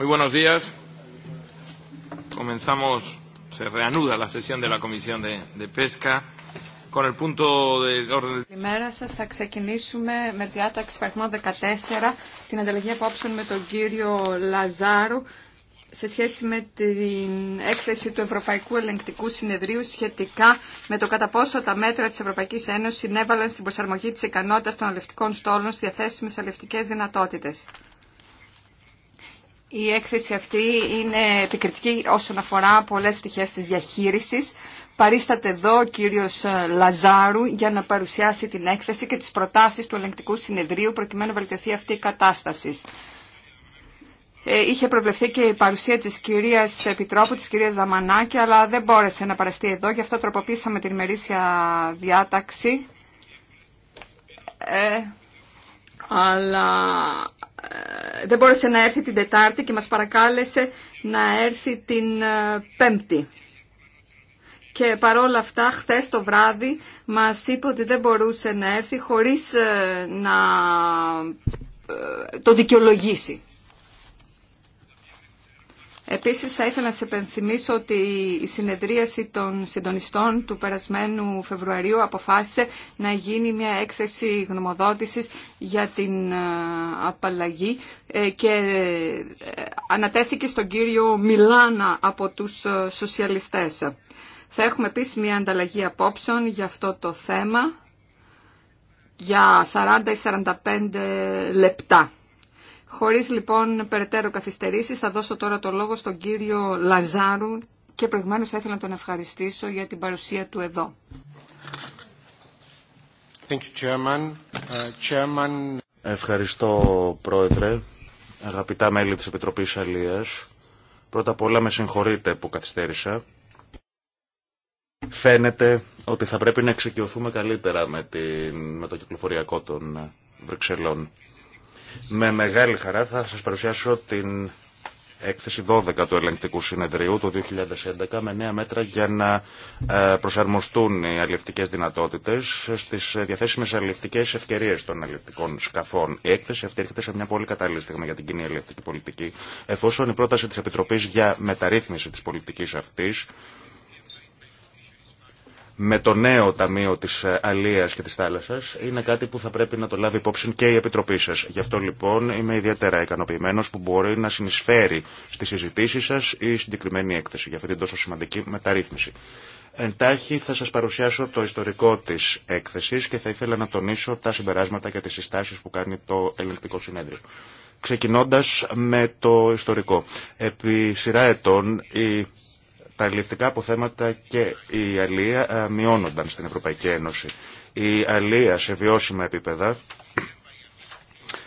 Muy buenos días. Comenzamos, se reanuda la sesión de la Comisión de, de Pesca. Con el punto de orden... Καλημέρα σας. Θα ξεκινήσουμε με διάταξη παριθμό 14 την ανταλλαγή απόψεων με τον κύριο Λαζάρου σε σχέση με την έκθεση του Ευρωπαϊκού Ελεγκτικού Συνεδρίου σχετικά με το κατά πόσο τα μέτρα της Ευρωπαϊκής Ένωσης συνέβαλαν στην προσαρμογή της ικανότητας των αλευτικών στόλων στις διαθέσιμες αλευτικές δυνατότητες. Η έκθεση αυτή είναι επικριτική όσον αφορά πολλές πτυχές της διαχείρισης. Παρίσταται εδώ ο κύριος ε, Λαζάρου για να παρουσιάσει την έκθεση και τις προτάσεις του ελεγκτικού συνεδρίου προκειμένου να βελτιωθεί αυτή η κατάσταση. Ε, είχε προβλεφθεί και η παρουσία της κυρίας Επιτρόπου, της κυρίας Δαμανάκη, αλλά δεν μπόρεσε να παραστεί εδώ, γι' αυτό τροποποίησαμε την ημερήσια διάταξη. Ε, αλλά ε, δεν μπόρεσε να έρθει την Τετάρτη και μας παρακάλεσε να έρθει την ε, Πέμπτη. Και παρόλα αυτά, χθες το βράδυ μας είπε ότι δεν μπορούσε να έρθει χωρίς ε, να το δικαιολογήσει. Επίσης θα ήθελα να σε επενθυμίσω ότι η συνεδρίαση των συντονιστών του περασμένου Φεβρουαρίου αποφάσισε να γίνει μια έκθεση γνωμοδότησης για την ε, απαλλαγή ε, και ε, ανατέθηκε στον κύριο Μιλάνα από τους σοσιαλιστές. Θα έχουμε επίσης μια ανταλλαγή απόψεων για αυτό το θέμα για 40 45 λεπτά. Χωρίς λοιπόν περαιτέρω καθυστερήσεις θα δώσω τώρα το λόγο στον κύριο Λαζάρου και προηγουμένως θα ήθελα να τον ευχαριστήσω για την παρουσία του εδώ. Thank you, Chairman. Uh, Chairman... Ευχαριστώ Πρόεδρε, αγαπητά μέλη της Επιτροπής Αλίας. Πρώτα απ' όλα με συγχωρείτε που καθυστέρησα. Φαίνεται ότι θα πρέπει να εξοικειωθούμε καλύτερα με, την, με το κυκλοφοριακό των Βρυξελών. Με μεγάλη χαρά θα σας παρουσιάσω την έκθεση 12 του ελεγκτικού συνεδρίου το 2011 με νέα μέτρα για να ε, προσαρμοστούν οι αλληλευτικές δυνατότητες στις διαθέσιμες αλληλευτικές ευκαιρίες των αλληλευτικών σκαφών. Η έκθεση αυτή έρχεται σε μια πολύ κατάλληλη στιγμή για την κοινή αλληλευτική πολιτική εφόσον η πρόταση της Επιτροπής για μεταρρύθμιση της πολιτικής αυτής με το νέο Ταμείο της ε, Αλίας και της Θάλασσας είναι κάτι που θα πρέπει να το λάβει υπόψη και η Επιτροπή σας. Γι' αυτό λοιπόν είμαι ιδιαίτερα ικανοποιημένος που μπορεί να συνεισφέρει στις συζητήσεις σας η συγκεκριμένη έκθεση για αυτή την τόσο σημαντική μεταρρύθμιση. Εντάχει θα σας παρουσιάσω το ιστορικό της έκθεσης και θα ήθελα να τονίσω τα συμπεράσματα και τις συστάσεις που κάνει το Ελληνικό συνέδριο. Ξεκινώντας με το ιστορικό. Επί σειρά ετών η τα αλληλευτικά αποθέματα και η αλληλεία ε, μειώνονταν στην Ευρωπαϊκή Ένωση. Η αλληλεία σε βιώσιμα επίπεδα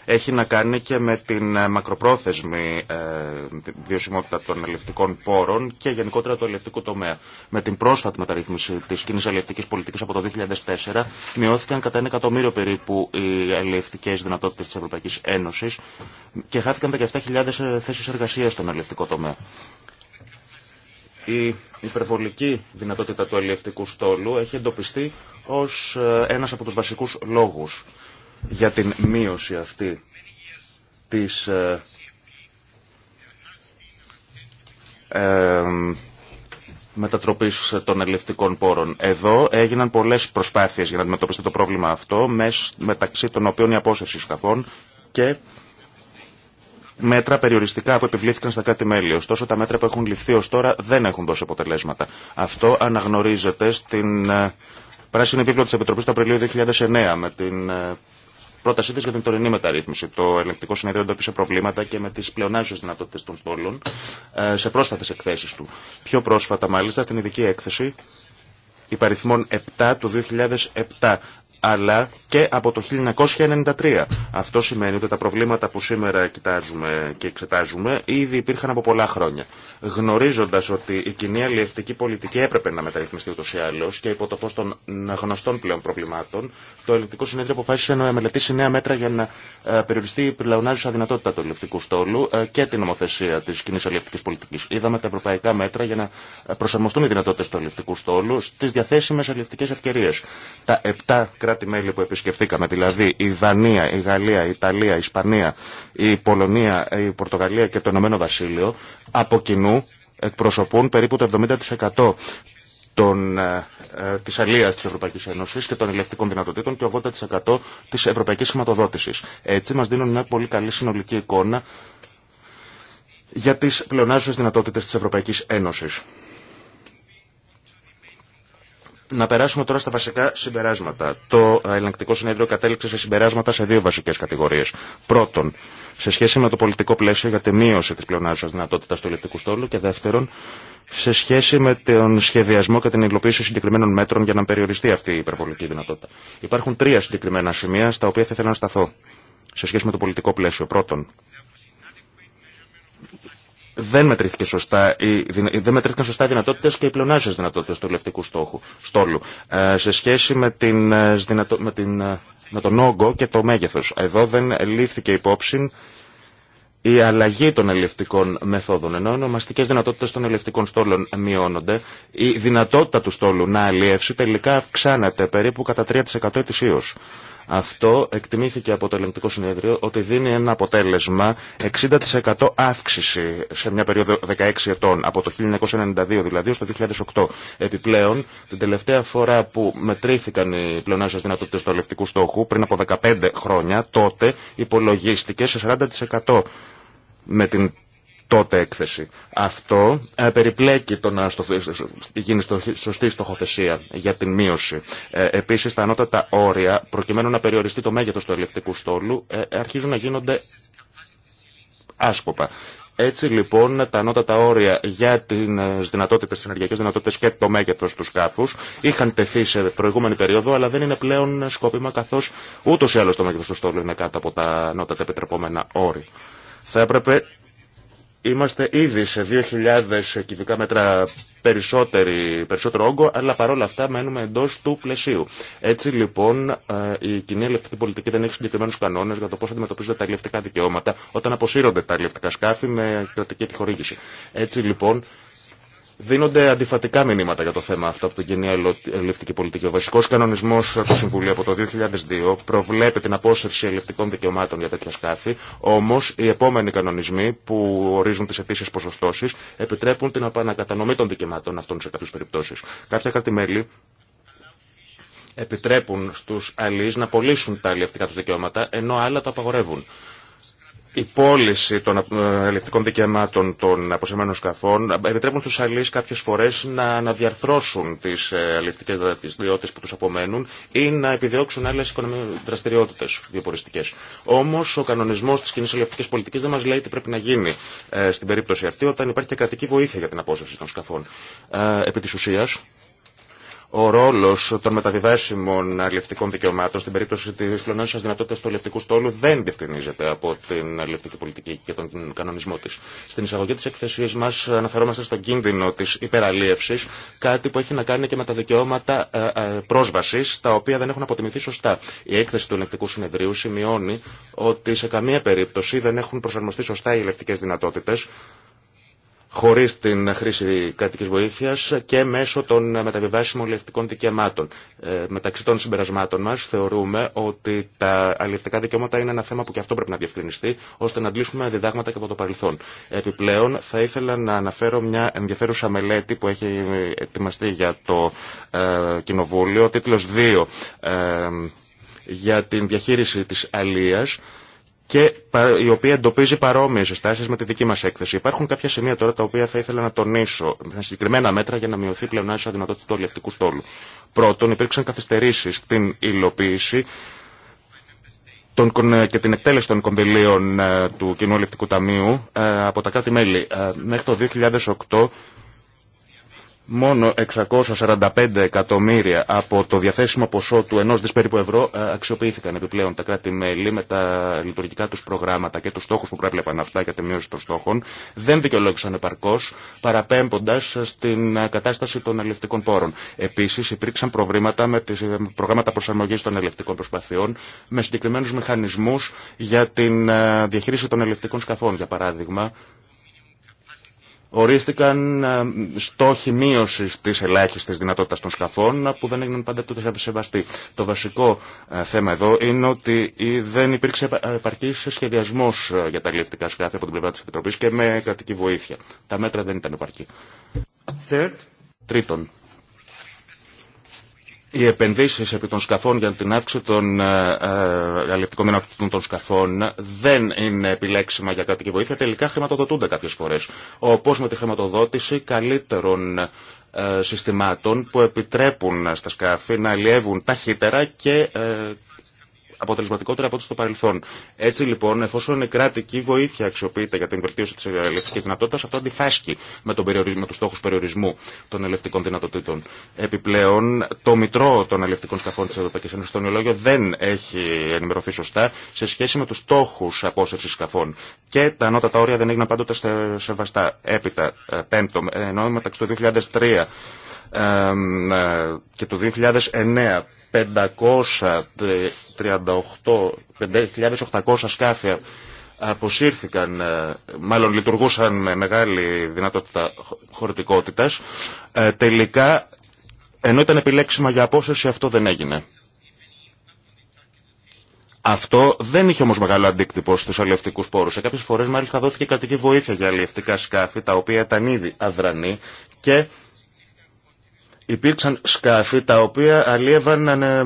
έχει να κάνει και με την ε, μακροπρόθεσμη ε, βιωσιμότητα των αλληλευτικών πόρων και γενικότερα του αλληλευτικού τομέα. Με την πρόσφατη μεταρρύθμιση της κοινή αλληλευτικής πολιτικής από το 2004 μειώθηκαν κατά ένα εκατομμύριο περίπου οι αλληλευτικές δυνατότητες της Ευρωπαϊκής Ένωσης και χάθηκαν 17.000 θέσεις εργασίας στον αλληλευτικό τομέα. Η υπερβολική δυνατότητα του αλλιευτικού στόλου έχει εντοπιστεί ως ε, ένας από τους βασικούς λόγους για την μείωση αυτή της ε, μετατροπής των ελευθερικών πόρων. Εδώ έγιναν πολλές προσπάθειες για να αντιμετωπιστεί το πρόβλημα αυτό, μεταξύ των οποίων η απόσυρση σκαφών και μέτρα περιοριστικά που επιβλήθηκαν στα κράτη-μέλη. Ωστόσο, τα μέτρα που έχουν ληφθεί ω τώρα δεν έχουν δώσει αποτελέσματα. Αυτό αναγνωρίζεται στην ε, πράσινη βίβλο τη Επιτροπή του Απριλίου 2009 με την ε, πρότασή τη για την τωρινή μεταρρύθμιση. Το ελεκτικό συνέδριο εντόπισε προβλήματα και με τι πλεονάζουσε δυνατότητε των στόλων ε, σε πρόσφατε εκθέσει του. Πιο πρόσφατα, μάλιστα, στην ειδική έκθεση υπαριθμών 7 του 2007 αλλά και από το 1993. Αυτό σημαίνει ότι τα προβλήματα που σήμερα κοιτάζουμε και εξετάζουμε ήδη υπήρχαν από πολλά χρόνια. Γνωρίζοντα ότι η κοινή αλληλευτική πολιτική έπρεπε να μεταρρυθμιστεί ούτω ή άλλω και υπό το φω των γνωστών πλέον προβλημάτων, το Ελληνικό Συνέδριο αποφάσισε να μελετήσει νέα μέτρα για να ε, περιοριστεί η πλεονάζουσα δυνατότητα του ελληνικού στόλου ε, και την νομοθεσία τη κοινή αλληλευτική πολιτική. Είδαμε τα ευρωπαϊκά μέτρα για να ε, προσαρμοστούν οι δυνατότητε του ελληνικού στόλου στι διαθέσιμε αλληλευτικέ ευκαιρίε. Τα 7 κράτη-μέλη που επισκεφθήκαμε, δηλαδή η Δανία, η Γαλλία, η Ιταλία, η Ισπανία, η Πολωνία, η Πορτογαλία και το Ηνωμένο Βασίλειο, από κοινού εκπροσωπούν περίπου το 70% των, ε, ε, της αλίας της Ευρωπαϊκής Ένωσης και των ελευτικών δυνατοτήτων και 80% της ευρωπαϊκής χρηματοδότησης. Έτσι μας δίνουν μια πολύ καλή συνολική εικόνα για τις πλεονάζουσες δυνατότητες της Ευρωπαϊκής Ένωσης. Να περάσουμε τώρα στα βασικά συμπεράσματα. Το ελεγκτικό συνέδριο κατέληξε σε συμπεράσματα σε δύο βασικέ κατηγορίε. Πρώτον, σε σχέση με το πολιτικό πλαίσιο για τη μείωση τη πλεονάζουσα δυνατότητα του ελεκτικού στόλου. Και δεύτερον, σε σχέση με τον σχεδιασμό και την υλοποίηση συγκεκριμένων μέτρων για να περιοριστεί αυτή η υπερβολική δυνατότητα. Υπάρχουν τρία συγκεκριμένα σημεία στα οποία θα ήθελα να σταθώ. Σε σχέση με το πολιτικό πλαίσιο. Πρώτον, δεν μετρήθηκε σωστά, δεν μετρήθηκαν σωστά οι δυνατότητε και οι πλεονάσει δυνατότητε του ελευτικού στόχου, στόλου. Ε, σε σχέση με, την, ε, με, την, ε, με τον όγκο και το μέγεθο. Εδώ δεν λήφθηκε υπόψη η αλλαγή των ελευτικών μεθόδων. Ενώ οι ονομαστικέ δυνατότητε των ελευτικών στόλων μειώνονται, η δυνατότητα του στόλου να αλλιεύσει τελικά αυξάνεται περίπου κατά 3% ετησίω. Αυτό εκτιμήθηκε από το ελεγκτικό συνέδριο ότι δίνει ένα αποτέλεσμα 60% αύξηση σε μια περίοδο 16 ετών, από το 1992 δηλαδή ως το 2008. Επιπλέον, την τελευταία φορά που μετρήθηκαν οι πλεονάσεις δυνατότητες του ελευτικού στόχου, πριν από 15 χρόνια, τότε υπολογίστηκε σε 40% με την τότε έκθεση. Αυτό ε, περιπλέκει το να γίνει σωστή στοχοθεσία για την μείωση. Ε, Επίση, τα ανώτατα όρια, προκειμένου να περιοριστεί το μέγεθο του ελεκτικού στόλου, ε, αρχίζουν να γίνονται άσκοπα. Έτσι λοιπόν τα ανώτατα όρια για τι δυνατότητες τις ενεργειακέ δυνατότητε και το μέγεθος του σκάφους είχαν τεθεί σε προηγούμενη περίοδο, αλλά δεν είναι πλέον σκόπιμα καθώς ούτως ή άλλως το μέγεθος του στόλου είναι κάτω από τα ανώτατα επιτρεπόμενα όρια. Θα έπρεπε Είμαστε ήδη σε 2.000 κυβικά μέτρα περισσότερο όγκο, αλλά παρόλα αυτά μένουμε εντό του πλαισίου. Έτσι λοιπόν ε, η κοινή ελευθερική πολιτική δεν έχει συγκεκριμένου κανόνε για το πώ αντιμετωπίζονται τα ελευθερικά δικαιώματα όταν αποσύρονται τα ελευθερικά σκάφη με κρατική επιχορήγηση. Έτσι λοιπόν Δίνονται αντιφατικά μηνύματα για το θέμα αυτό από την κοινή ελληνική πολιτική. Ο βασικό κανονισμό του Συμβουλίου από το 2002 προβλέπει την απόσυρση ελληνικών δικαιωμάτων για τέτοια σκάφη, όμω οι επόμενοι κανονισμοί που ορίζουν τι αιτήσει ποσοστώσει επιτρέπουν την επανακατανομή των δικαιωμάτων αυτών σε κάποιε περιπτώσει. κρατημέλη επιτρέπουν στου αλληλεί να πωλήσουν τα ελληνικά του δικαιώματα, ενώ άλλα τα απαγορεύουν η πώληση των αλληλευτικών ε, δικαιωμάτων των αποσυμμένων σκαφών ε, επιτρέπουν στους αλληλείς κάποιες φορές να, αναδιαρθρώσουν διαρθρώσουν τις ε, αλληλευτικές δραστηριότητες που τους απομένουν ή να επιδιώξουν άλλες δραστηριότητες βιοποριστικές. Όμως ο κανονισμός της κοινής ελευτικής πολιτικής δεν μας λέει τι πρέπει να γίνει στην περίπτωση αυτή όταν υπάρχει και κρατική βοήθεια για την απόσταση των σκαφών. επί της ουσίας, ο ρόλο των μεταβιβάσιμων αλληλευτικών δικαιωμάτων στην περίπτωση τη χλωνέσια δυνατότητα του αλληλευτικού στόλου δεν διευκρινίζεται από την αλληλευτική πολιτική και τον κανονισμό τη. Στην εισαγωγή τη εκθεσή μα αναφερόμαστε στον κίνδυνο τη υπεραλίευση, κάτι που έχει να κάνει και με τα δικαιώματα ε, ε, πρόσβαση, τα οποία δεν έχουν αποτιμηθεί σωστά. Η έκθεση του ελεκτικού συνεδρίου σημειώνει ότι σε καμία περίπτωση δεν έχουν προσαρμοστεί σωστά οι ελευθερικέ δυνατότητε χωρί την χρήση κρατική βοήθεια και μέσω των μεταβιβάσιμων αλληλευτικών δικαιωμάτων. Ε, μεταξύ των συμπερασμάτων μα, θεωρούμε ότι τα αλληλευτικά δικαιώματα είναι ένα θέμα που και αυτό πρέπει να διευκρινιστεί, ώστε να αντλήσουμε διδάγματα και από το παρελθόν. Επιπλέον, θα ήθελα να αναφέρω μια ενδιαφέρουσα μελέτη που έχει ετοιμαστεί για το ε, Κοινοβούλιο, τίτλο 2. Ε, για την διαχείριση της αλίας και η οποία εντοπίζει παρόμοιε συστάσει με τη δική μα έκθεση. Υπάρχουν κάποια σημεία τώρα τα οποία θα ήθελα να τονίσω με συγκεκριμένα μέτρα για να μειωθεί πλεονάσια δυνατότητα του αλληλευτικού στόλου. Πρώτον, υπήρξαν καθυστερήσει στην υλοποίηση και την εκτέλεση των κομπηλίων ε, του Κοινού Ελευτικού Ταμείου ε, από τα κράτη-μέλη. Ε, μέχρι το 2008 μόνο 645 εκατομμύρια από το διαθέσιμο ποσό του ενός δις περίπου ευρώ ε, αξιοποιήθηκαν επιπλέον τα κράτη-μέλη με τα λειτουργικά τους προγράμματα και τους στόχους που πρέπει αυτά για τη μείωση των στόχων δεν δικαιολόγησαν επαρκώς παραπέμποντας στην ε, κατάσταση των ελευτικών πόρων. Επίσης υπήρξαν προβλήματα με τις ε, προγράμματα προσαρμογής των ελευτικών προσπαθειών με συγκεκριμένους μηχανισμούς για την διαχείριση των ελευτικών σκαφών για παράδειγμα ορίστηκαν ε, στόχοι μείωση τη ελάχιστη δυνατότητα των σκαφών ε, που δεν έγιναν πάντα τότε σεβαστοί. Το βασικό ε, θέμα εδώ είναι ότι δεν υπήρξε επαρκή σχεδιασμό για τα λιευτικά σκάφη από την πλευρά τη Επιτροπή και με κρατική βοήθεια. Τα μέτρα δεν ήταν επαρκή. Third. Τρίτον, οι επενδύσεις επί των σκαφών για την αύξηση των ε, ε, αλληλευτικών δυνατοτήτων των σκαφών δεν είναι επιλέξιμα για κρατική βοήθεια. Τελικά χρηματοδοτούνται κάποιες φορές. Όπως με τη χρηματοδότηση καλύτερων ε, συστημάτων που επιτρέπουν στα σκάφη να αλλιεύουν ταχύτερα και αποτελεσματικότερα από ό,τι στο παρελθόν. Έτσι λοιπόν, εφόσον η κρατική βοήθεια αξιοποιείται για την βελτίωση τη ελευθερική δυνατότητα, αυτό αντιφάσκει με, του στόχου περιορισμού των ελευθερικών δυνατοτήτων. Επιπλέον, το μητρό των ελευθερικών σκαφών τη Ευρωπαϊκή Ένωση, το νεολόγιο, δεν έχει ενημερωθεί σωστά σε σχέση με του στόχου απόσυρση σκαφών. Και τα ανώτατα όρια δεν έγιναν πάντοτε σεβαστά. Έπειτα, ε, πέμπτο, ε, ενώ μεταξύ του 2003 ε, και του 2009 5.800 σκάφια αποσύρθηκαν, ε, μάλλον λειτουργούσαν με μεγάλη δυνατότητα χωρητικότητας, ε, τελικά ενώ ήταν επιλέξιμα για απόσυρση αυτό δεν έγινε. Αυτό δεν είχε όμως μεγάλο αντίκτυπο στους αλλιευτικούς πόρους. Σε κάποιε φορέ, μάλιστα, δόθηκε κρατική βοήθεια για αλλιευτικά σκάφη, τα οποία ήταν ήδη αδρανή και Υπήρξαν σκάφη τα οποία αλλιεύαν ε, ε,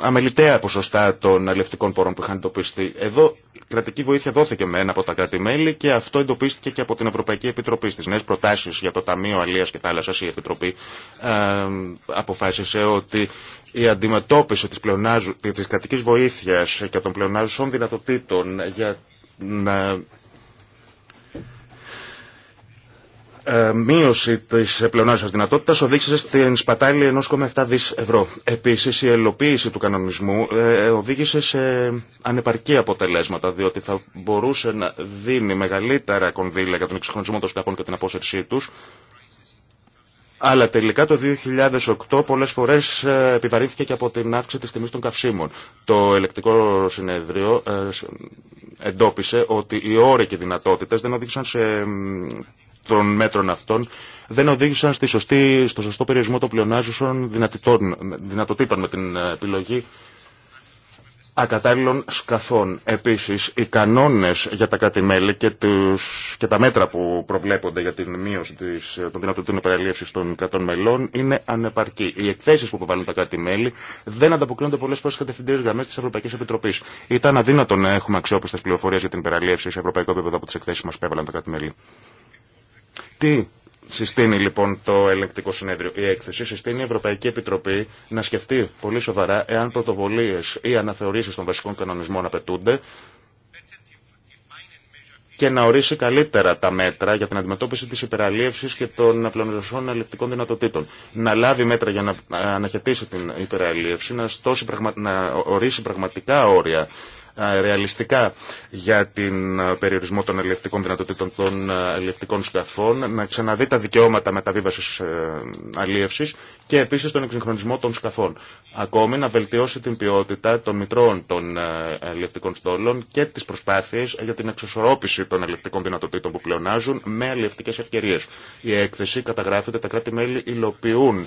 αμεληταία ποσοστά των αλλιευτικών πόρων που είχαν εντοπιστεί. Εδώ κρατική βοήθεια δόθηκε με ένα από τα κράτη-μέλη και αυτό εντοπίστηκε και από την Ευρωπαϊκή Επιτροπή. Στι νέε προτάσει για το Ταμείο Αλία και Θάλασσα η Επιτροπή ε, αποφάσισε ότι η αντιμετώπιση τη της κρατική βοήθεια και των πλεονάζουσων δυνατοτήτων για να Ε, μείωση τη πλεονάζουσα δυνατότητα οδήγησε στην σπατάλη 1,7 δι ευρώ. Επίση, η ελοποίηση του κανονισμού ε, οδήγησε σε ανεπαρκή αποτελέσματα, διότι θα μπορούσε να δίνει μεγαλύτερα κονδύλια για τον εξυγχρονισμό των σκαφών και την απόσυρσή του, αλλά τελικά το 2008 πολλές φορές ε, επιβαρύνθηκε και από την αύξηση της τιμής των καυσίμων. Το ελεκτικό συνέδριο εντόπισε ότι οι όροι και οι δυνατότητες δεν οδήγησαν σε των μέτρων αυτών δεν οδήγησαν στη σωστή, στο σωστό περιορισμό των πλεονάζουσων δυνατοτήπων με την ε, επιλογή ακατάλληλων σκαθών. Επίσης, οι κανόνες για τα κράτη-μέλη και, τους, και τα μέτρα που προβλέπονται για την μείωση της, ε, των δυνατοτήτων υπεραλίευσης των κρατών μελών είναι ανεπαρκή. Οι εκθέσεις που προβάλλουν τα κράτη-μέλη δεν ανταποκρίνονται πολλές φορές κατευθυντήριες γραμμές της Ευρωπαϊκής Επιτροπής. Ήταν αδύνατο να έχουμε αξιόπιστες πληροφορίες για την υπεραλίευση σε ευρωπαϊκό επίπεδο από τις εκθέσεις μας που τα τι συστήνει λοιπόν το ελεκτικό συνέδριο. Η έκθεση συστήνει η Ευρωπαϊκή Επιτροπή να σκεφτεί πολύ σοβαρά εάν πρωτοβολίε ή αναθεωρήσει των βασικών κανονισμών απαιτούνται και να ορίσει καλύτερα τα μέτρα για την αντιμετώπιση τη υπεραλίευση και των πλανοδοσών ελεκτικών δυνατοτήτων. Να λάβει μέτρα για να αναχαιτήσει την υπεραλίευση, να, να ορίσει πραγματικά όρια ρεαλιστικά για την περιορισμό των ελευτικών δυνατοτήτων των ελευτικών σκαφών, να ξαναδεί τα δικαιώματα μεταβίβασης ε, αλλήλευση και επίσης τον εξυγχρονισμό των σκαφών. Ακόμη να βελτιώσει την ποιότητα των μητρώων των ελευτικών στόλων και τις προσπάθειες για την εξωσορρόπηση των ελευτικών δυνατοτήτων που πλεονάζουν με αλληλευτικές ευκαιρίε. Η έκθεση καταγράφεται τα κράτη-μέλη υλοποιούν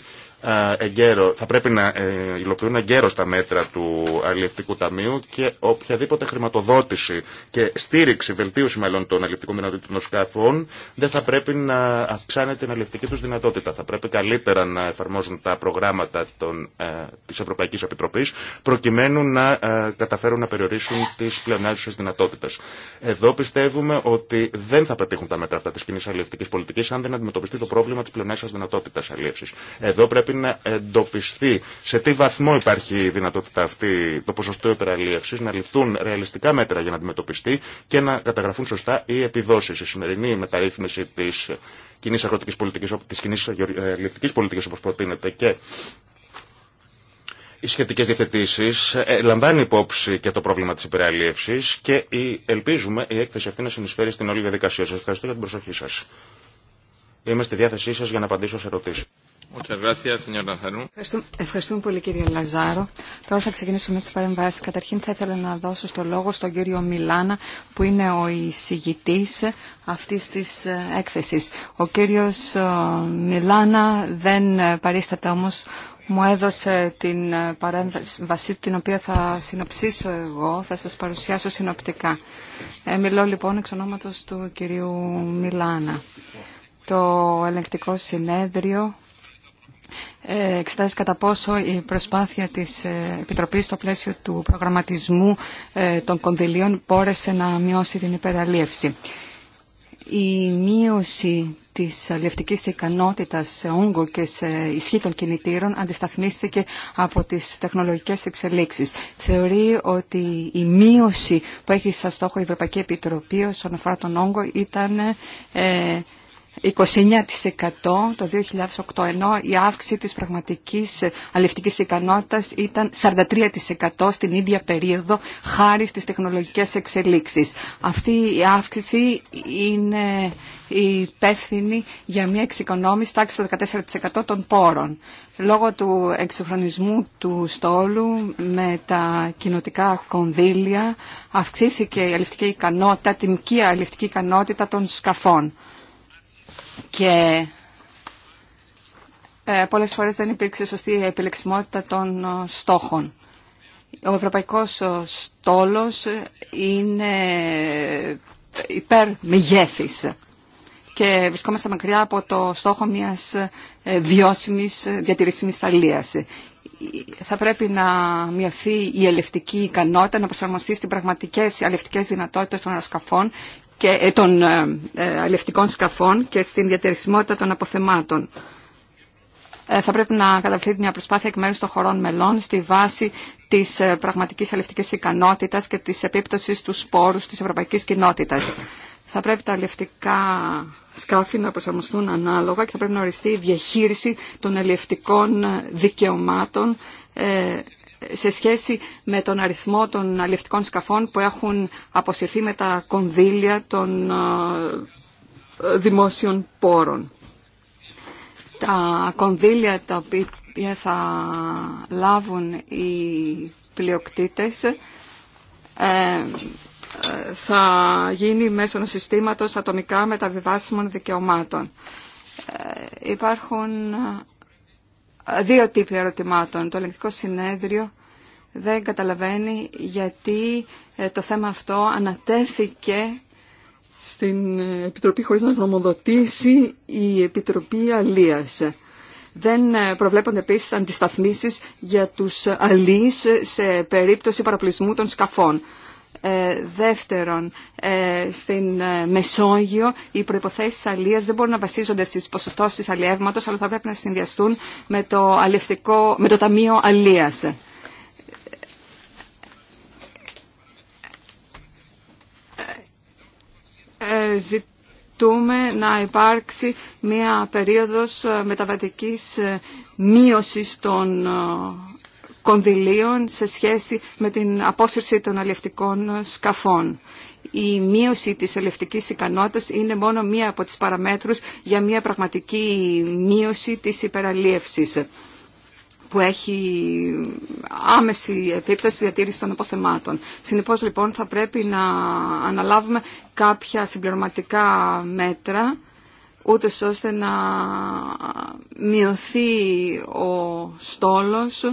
εγκαίρο, θα πρέπει να ε, υλοποιούν εγκαίρω τα μέτρα του αλληλευτικού ταμείου και οποιαδήποτε χρηματοδότηση και στήριξη, βελτίωση μάλλον των αλληλευτικών δυνατοτήτων των σκάφων δεν θα πρέπει να αυξάνεται την αλληλευτική του δυνατότητα. Θα πρέπει καλύτερα να εφαρμόζουν τα προγράμματα των, ε, της Ευρωπαϊκής Επιτροπής προκειμένου να ε, καταφέρουν να περιορίσουν τις πλεονάζουσες δυνατότητες. Εδώ πιστεύουμε ότι δεν θα πετύχουν τα μέτρα αυτά της κοινής αλληλευτικής πολιτικής αν δεν αντιμετωπιστεί το πρόβλημα της πλεονάζουσας δυνατότητας αλληλεύσης. Εδώ πρέπει να εντοπιστεί σε τι βαθμό υπάρχει η δυνατότητα αυτή, το ποσοστό υπεραλίευση, να ληφθούν ρεαλιστικά μέτρα για να αντιμετωπιστεί και να καταγραφούν σωστά οι επιδόσει. Η σημερινή μεταρρύθμιση τη κοινή αγροτική πολιτική, τη κοινή αγροτική ε, πολιτική όπω προτείνεται και οι σχετικέ διευθετήσει ε, λαμβάνει υπόψη και το πρόβλημα τη υπεραλίευση και ελπίζουμε η έκθεση αυτή να συνεισφέρει στην όλη διαδικασία. Σα ευχαριστώ για την προσοχή σα. Είμαι στη διάθεσή σα για να απαντήσω σε ερωτήσει. Ευχαριστούμε, πολύ κύριε Λαζάρο. Τώρα θα ξεκινήσουμε τις παρεμβάσεις. Καταρχήν θα ήθελα να δώσω στο λόγο στον κύριο Μιλάνα που είναι ο εισηγητής αυτής της ε, έκθεσης. Ο κύριος ε, Μιλάνα δεν ε, παρίσταται όμως μου έδωσε την παρέμβασή του την οποία θα συνοψίσω εγώ, θα σας παρουσιάσω συνοπτικά. μιλώ λοιπόν εξ ονόματος του κυρίου Μιλάνα. Το ελεγκτικό συνέδριο ε, εξετάζει κατά πόσο η προσπάθεια της ε, Επιτροπής στο πλαίσιο του προγραμματισμού ε, των κονδυλίων μπόρεσε να μειώσει την υπεραλίευση. Η μείωση της αλληλευτικής ικανότητας σε όγκο και σε ισχύ των κινητήρων αντισταθμίστηκε από τις τεχνολογικές εξελίξεις. Θεωρεί ότι η μείωση που έχει σαν στόχο η Ευρωπαϊκή Επιτροπή όσον αφορά τον όγκο ήταν 29% το 2008, ενώ η αύξηση της πραγματικής αλευτικής ικανότητας ήταν 43% στην ίδια περίοδο, χάρη στις τεχνολογικές εξελίξεις. Αυτή η αύξηση είναι υπεύθυνη για μια εξοικονόμηση τάξη του 14% των πόρων. Λόγω του εξοχρονισμού του στόλου με τα κοινοτικά κονδύλια αυξήθηκε η αλευτική ικανότητα, αλευτική ικανότητα των σκαφών και ε, πολλές φορές δεν υπήρξε σωστή επιλεξιμότητα των ε, στόχων. Ο ευρωπαϊκός ε, στόλος είναι υπέρ μεγέθης και βρισκόμαστε μακριά από το στόχο μιας βιώσιμης διατηρήσιμης αλίας. Θα πρέπει να μειωθεί η ελευτική ικανότητα, να προσαρμοστεί στις πραγματικές αλευτικές δυνατότητες των αεροσκαφών και, ε, των ε, ε, αλληλευτικών σκαφών και στην διατηρησιμότητα των αποθεμάτων. Θα πρέπει να καταβληθεί μια προσπάθεια εκ μέρους των χωρών μελών στη βάση της πραγματικής αλληλευτικής ικανότητας και της επίπτωσης του σπόρου της ευρωπαϊκής κοινότητας. Θα πρέπει τα αλληλευτικά σκάφη να προσαρμοστούν ανάλογα και θα πρέπει να οριστεί η διαχείριση των αλληλευτικών δικαιωμάτων σε σχέση με τον αριθμό των αλληλευτικών σκαφών που έχουν αποσυρθεί με τα κονδύλια των ε, δημόσιων πόρων. Τα κονδύλια τα οποία θα λάβουν οι πλειοκτήτες ε, ε, θα γίνει μέσω του συστήματος ατομικά μεταβιβάσιμων δικαιωμάτων. Υπάρχουν δύο τύποι ερωτημάτων. Το ελεγκτικό συνέδριο δεν καταλαβαίνει γιατί ε, το θέμα αυτό ανατέθηκε στην ε, Επιτροπή χωρίς να γνωμοδοτήσει η Επιτροπή Αλίας. Δεν ε, προβλέπονται επίσης αντισταθμίσεις για τους αλείς σε περίπτωση παραπλησμού των σκαφών. Ε, δεύτερον, ε, στην ε, Μεσόγειο οι προϋποθέσεις αλίας δεν μπορούν να βασίζονται στις ποσοστώσεις αλιεύματος, αλλά θα πρέπει να συνδυαστούν με το, αλευτικό, με το Ταμείο Αλίας. ζητούμε να υπάρξει μια περίοδος μεταβατικής μείωσης των κονδυλίων σε σχέση με την απόσυρση των αλλιευτικών σκαφών. Η μείωση της αλλιευτικής ικανότητας είναι μόνο μία από τις παραμέτρους για μία πραγματική μείωση της υπεραλίευσης που έχει άμεση επίπτωση στη διατήρηση των αποθεμάτων. Συνεπώς λοιπόν θα πρέπει να αναλάβουμε κάποια συμπληρωματικά μέτρα ούτε ώστε να μειωθεί ο στόλος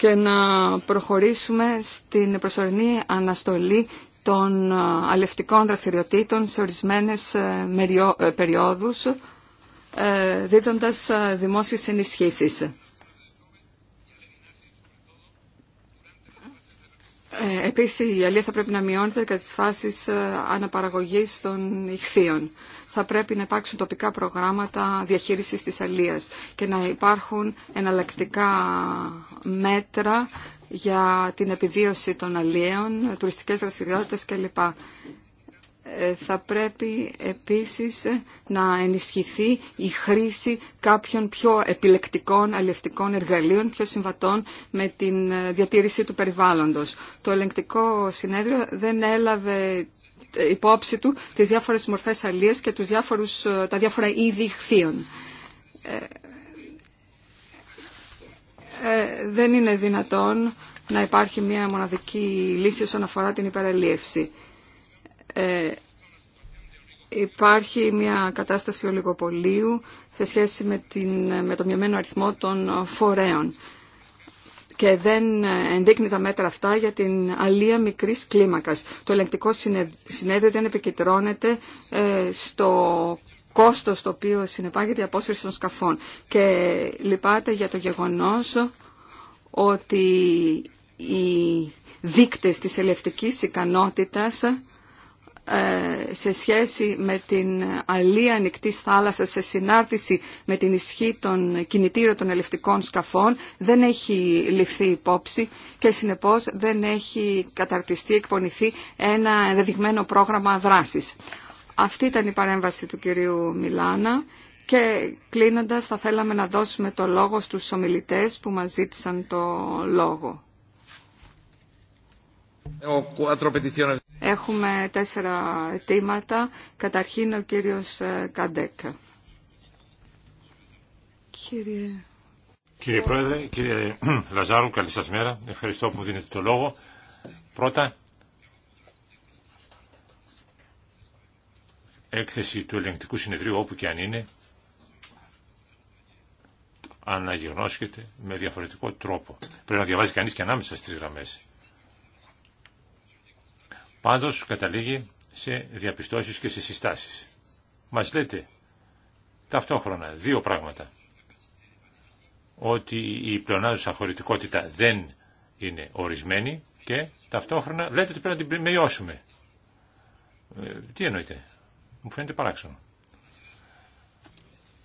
και να προχωρήσουμε στην προσωρινή αναστολή των ε, αλευτικών δραστηριοτήτων σε ορισμένες ε, ε, περιόδους, δίδοντας δημόσιες ενισχύσεις. Ε, επίσης, η αλία θα πρέπει να μειώνεται κατά τις φάσεις ε, αναπαραγωγής των ηχθείων. Θα πρέπει να υπάρξουν τοπικά προγράμματα διαχείρισης της αλίας και να υπάρχουν εναλλακτικά μέτρα για την επιβίωση των αλίων, τουριστικές δραστηριότητες κλπ. Ε, θα πρέπει επίσης να ενισχυθεί η χρήση κάποιων πιο επιλεκτικών αλληλευτικών εργαλείων, πιο συμβατών με την ε, διατήρηση του περιβάλλοντος. Το ελεγκτικό συνέδριο δεν έλαβε ε, υπόψη του τις διάφορες μορφές αλλίες και τους διάφορους, τα διάφορα είδη χθείων. δεν είναι δυνατόν να υπάρχει μια μοναδική λύση όσον αφορά την υπεραλίευση ε, υπάρχει μια κατάσταση ολιγοπολίου σε σχέση με, την, το μειωμένο αριθμό των φορέων και δεν ενδείκνει τα μέτρα αυτά για την αλία μικρής κλίμακας. Το ελεγκτικό συνέδριο δεν επικεντρώνεται ε, στο κόστος το οποίο συνεπάγεται η απόσυρση των σκαφών. Και λυπάται για το γεγονός ότι οι δείκτες της ελευτικής ικανότητας ε, σε σχέση με την αλία ανοιχτή θάλασσα σε συνάρτηση με την ισχύ των κινητήρων των ελευτικών σκαφών δεν έχει ληφθεί υπόψη και συνεπώς δεν έχει καταρτιστεί, εκπονηθεί ένα ενδεδειγμένο πρόγραμμα δράσης. Αυτή ήταν η παρέμβαση του κυρίου Μιλάνα και κλείνοντας θα θέλαμε να δώσουμε το λόγο στους ομιλητές που μας ζήτησαν το λόγο. Έχουμε τέσσερα αιτήματα. Καταρχήν ο κύριος ε, Καντέκ. Κύριε... Κύριε Πρόεδρε, κύριε Λαζάρου, καλή σας μέρα. Ευχαριστώ που μου δίνετε το λόγο. Πρώτα, έκθεση του ελεγκτικού συνεδρίου, όπου και αν είναι, αναγνώσκεται με διαφορετικό τρόπο. Πρέπει να διαβάζει κανείς και ανάμεσα στις γραμμές. Πάντως καταλήγει σε διαπιστώσεις και σε συστάσεις. Μας λέτε ταυτόχρονα δύο πράγματα. Ότι η πλεονάζουσα χωρητικότητα δεν είναι ορισμένη και ταυτόχρονα λέτε ότι πρέπει να την μειώσουμε. Ε, τι εννοείτε. Μου φαίνεται παράξενο.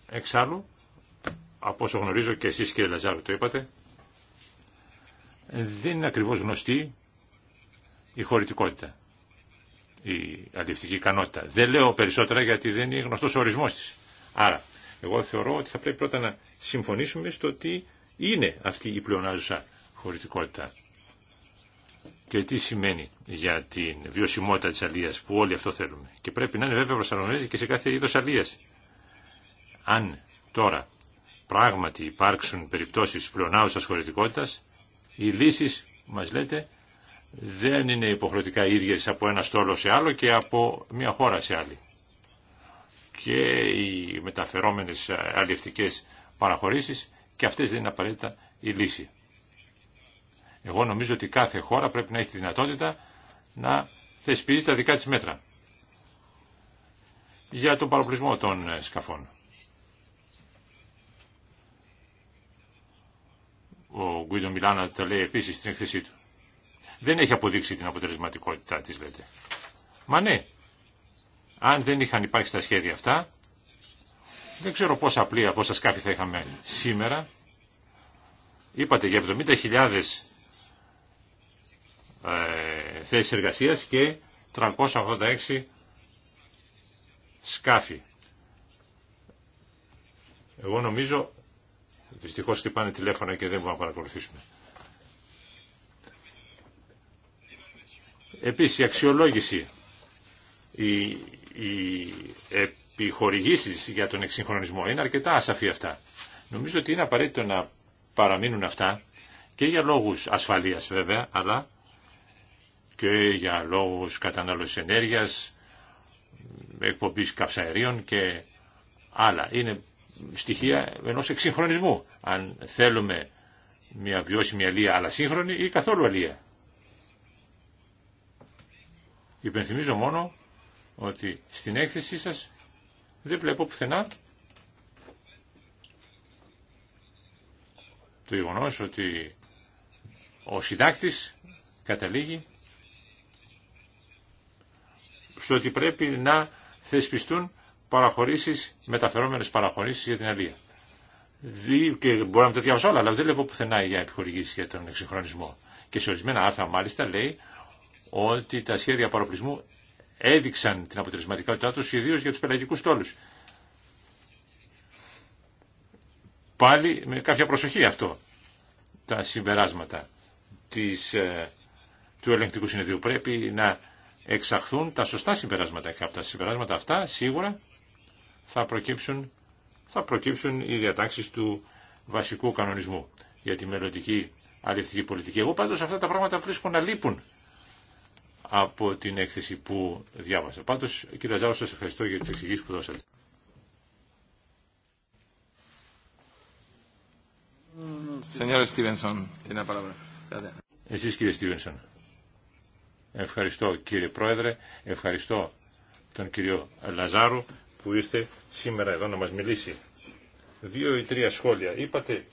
Εξάλλου, από όσο γνωρίζω και εσείς κύριε Λαζάρου το είπατε, δεν είναι ακριβώς γνωστή η χωρητικότητα η αλληλευτική ικανότητα. Δεν λέω περισσότερα γιατί δεν είναι γνωστός ο ορισμός της. Άρα, εγώ θεωρώ ότι θα πρέπει πρώτα να συμφωνήσουμε στο τι είναι αυτή η πλεονάζουσα χωρητικότητα. Και τι σημαίνει για την βιωσιμότητα της αλίας που όλοι αυτό θέλουμε. Και πρέπει να είναι βέβαια προσαρμοσμένη και σε κάθε είδος αλίας. Αν τώρα πράγματι υπάρξουν περιπτώσεις πλεονάζουσας χωρητικότητας, οι λύσεις μας λέτε δεν είναι υποχρεωτικά ίδιες από ένα στόλο σε άλλο και από μια χώρα σε άλλη. Και οι μεταφερόμενες ε, αλληλευτικές παραχωρήσεις και αυτές δεν είναι απαραίτητα η λύση. Εγώ νομίζω ότι κάθε χώρα πρέπει να έχει τη δυνατότητα να θεσπίζει τα δικά της μέτρα για τον παροπλισμό των ε, σκαφών. Ο Γκουίντο Μιλάνα τα λέει επίσης στην εκθεσή του δεν έχει αποδείξει την αποτελεσματικότητά της, λέτε. Μα ναι, αν δεν είχαν υπάρξει τα σχέδια αυτά, δεν ξέρω πόσα πλοία, πόσα σκάφη θα είχαμε σήμερα. Είπατε για 70.000 ε, θέσεις εργασίας και 386 σκάφη. Εγώ νομίζω, δυστυχώς χτυπάνε τηλέφωνα και δεν μπορούμε να παρακολουθήσουμε. Επίσης η αξιολόγηση, οι, οι επιχορηγήσεις για τον εξυγχρονισμό είναι αρκετά ασαφή αυτά. Νομίζω ότι είναι απαραίτητο να παραμείνουν αυτά και για λόγους ασφαλείας βέβαια, αλλά και για λόγους κατανάλωσης ενέργειας, εκπομπής καυσαερίων και άλλα. Είναι στοιχεία ενός εξυγχρονισμού, αν θέλουμε μια βιώσιμη αλία αλλά σύγχρονη ή καθόλου αλία. Υπενθυμίζω μόνο ότι στην έκθεσή σας δεν βλέπω πουθενά το γεγονό ότι ο συντάκτης καταλήγει στο ότι πρέπει να θεσπιστούν παραχωρήσεις, μεταφερόμενες παραχωρήσεις για την αλία. Και μπορώ να τα διαβάσω όλα, αλλά δεν βλέπω πουθενά για επιχορηγήσεις για τον εξυγχρονισμό. Και σε ορισμένα άρθρα μάλιστα λέει ότι τα σχέδια παροπλισμού έδειξαν την αποτελεσματικότητά τους, ιδίως για τους πελαγικούς τόλους. Πάλι με κάποια προσοχή αυτό, τα συμπεράσματα της, ε, του ελεγκτικού συνεδρίου. Πρέπει να εξαχθούν τα σωστά συμπεράσματα και από τα συμπεράσματα αυτά σίγουρα θα προκύψουν, θα προκύψουν οι διατάξεις του βασικού κανονισμού για τη μελλοντική αλληλευτική πολιτική. Εγώ πάντως αυτά τα πράγματα βρίσκω να λείπουν από την έκθεση που διάβασα. Πάντως, κύριε Ζάρο, σας ευχαριστώ για τις εξηγήσεις που δώσατε. Εσείς κύριε Στίβενσον. Ευχαριστώ κύριε Πρόεδρε, ευχαριστώ τον κύριο Λαζάρου που ήρθε σήμερα εδώ να μας μιλήσει. Δύο ή τρία σχόλια. Είπατε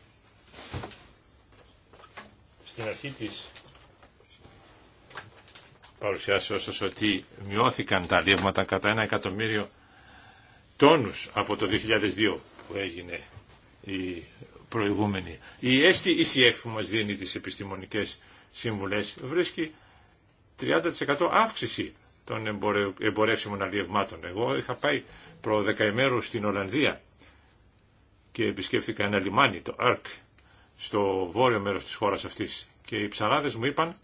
στην αρχή της Παρουσιάσω σα ότι μειώθηκαν τα αλλιεύματα κατά ένα εκατομμύριο τόνους από το 2002 που έγινε η προηγούμενη. Η έστη ECF που μας δίνει τις επιστημονικές σύμβουλες βρίσκει 30% αύξηση των εμπορεύσιμων αλλιευμάτων. Εγώ είχα πάει προ στην Ολλανδία και επισκέφθηκα ένα λιμάνι, το ΕΡΚ, στο βόρειο μέρος της χώρας αυτής και οι ψαράδες μου είπαν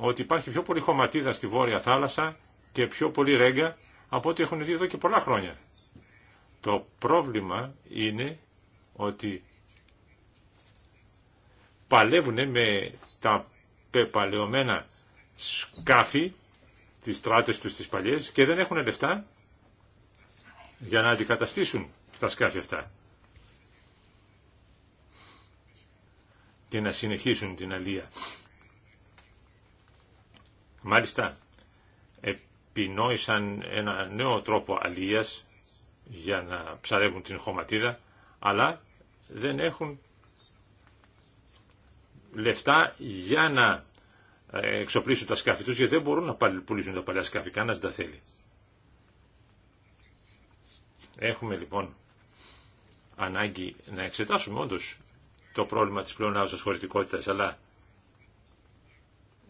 ότι υπάρχει πιο πολύ χωματίδα στη Βόρεια Θάλασσα και πιο πολύ ρέγγα από ό,τι έχουν δει εδώ και πολλά χρόνια. Το πρόβλημα είναι ότι παλεύουν με τα πεπαλαιωμένα σκάφη, της στράτες τους τις παλιές και δεν έχουν λεφτά για να αντικαταστήσουν τα σκάφη αυτά και να συνεχίσουν την αλία. Μάλιστα, επινόησαν ένα νέο τρόπο αλίας για να ψαρεύουν την χωματίδα, αλλά δεν έχουν λεφτά για να ε, εξοπλίσουν τα σκάφη τους, γιατί δεν μπορούν να πουλήσουν τα παλιά σκάφη, κανένας δεν τα θέλει. Έχουμε λοιπόν ανάγκη να εξετάσουμε όντως το πρόβλημα της άουσας χωρητικότητας, αλλά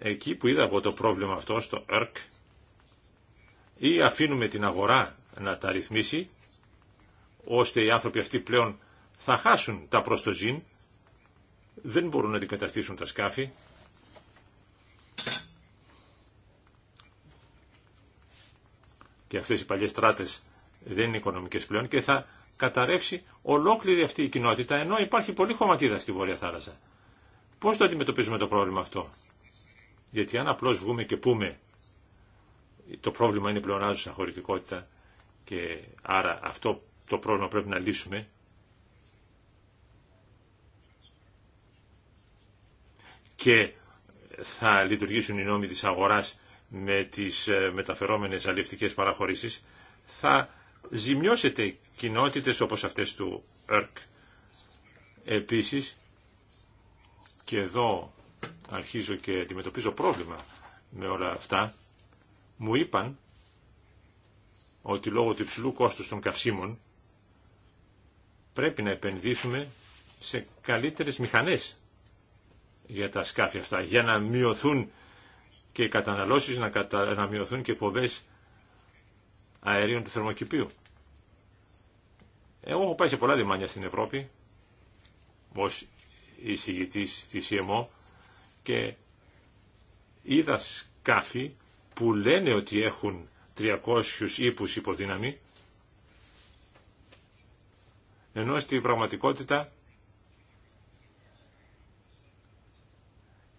Εκεί που είδα εγώ το πρόβλημα αυτό στο ΕΡΚ ή αφήνουμε την αγορά να τα ρυθμίσει ώστε οι άνθρωποι αυτοί πλέον θα χάσουν τα προστοζήν δεν μπορούν να αντικαταστήσουν τα σκάφη και αυτές οι παλιές στράτες δεν είναι οικονομικές πλέον και θα καταρρεύσει ολόκληρη αυτή η κοινότητα ενώ υπάρχει πολύ χωματίδα στη Βόρεια Θάλασσα. Πώς το αντιμετωπίζουμε το πρόβλημα αυτό. Γιατί αν απλώς βγούμε και πούμε το πρόβλημα είναι πλεονάζουσα χωρητικότητα και άρα αυτό το πρόβλημα πρέπει να λύσουμε και θα λειτουργήσουν οι νόμοι της αγοράς με τις ε, μεταφερόμενες αλληλευτικές παραχωρήσεις θα ζημιώσετε κοινότητες όπως αυτές του ΕΡΚ. Επίσης, και εδώ αρχίζω και αντιμετωπίζω πρόβλημα με όλα αυτά, μου είπαν ότι λόγω του υψηλού κόστους των καυσίμων πρέπει να επενδύσουμε σε καλύτερες μηχανές για τα σκάφη αυτά, για να μειωθούν και οι καταναλώσεις, να, κατα... μειωθούν και οι αερίων του θερμοκηπίου. Εγώ έχω πάει σε πολλά λιμάνια στην Ευρώπη, ως εισηγητής της ΕΜΟ, και είδα σκάφη που λένε ότι έχουν 300 ύπους υποδύναμη, ενώ στην πραγματικότητα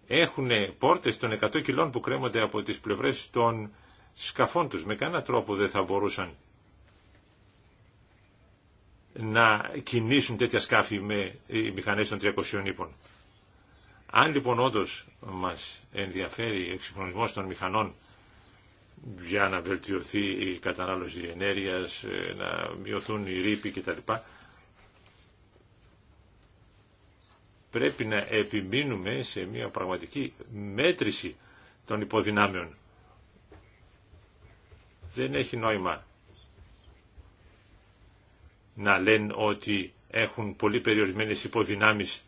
έχουν πόρτες των 100 κιλών που κρέμονται από τις πλευρές των σκαφών τους. Με κανένα τρόπο δεν θα μπορούσαν να κινήσουν τέτοια σκάφη με οι μηχανές των 300 ύπων. Αν λοιπόν όντω μας ενδιαφέρει ο εξυγχρονισμό των μηχανών για να βελτιωθεί η κατανάλωση ενέργειας, ε, να μειωθούν οι ρήποι κτλ. Πρέπει να επιμείνουμε σε μια πραγματική μέτρηση των υποδυνάμεων. Δεν έχει νόημα να λένε ότι έχουν πολύ περιορισμένες υποδυνάμεις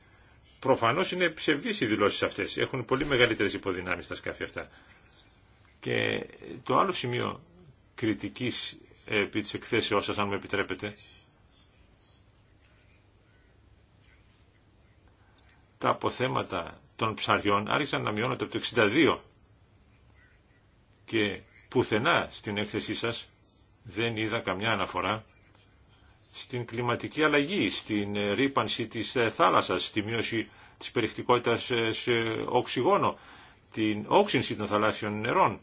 Προφανώς είναι ψευδεί οι δηλώσει αυτές. Έχουν πολύ μεγαλύτερε υποδυνάμεις τα σκάφη αυτά. Και το άλλο σημείο κριτικής ε, επί της εκθέσεώς σας, αν με επιτρέπετε, τα αποθέματα των ψαριών άρχισαν να μειώνονται από το 62 και πουθενά στην έκθεσή σας δεν είδα καμιά αναφορά στην κλιματική αλλαγή, στην ε, ρήπανση της ε, θάλασσας, στη μείωση της περιεκτικότητας ε, σε οξυγόνο, την όξυνση των θαλάσσιων νερών,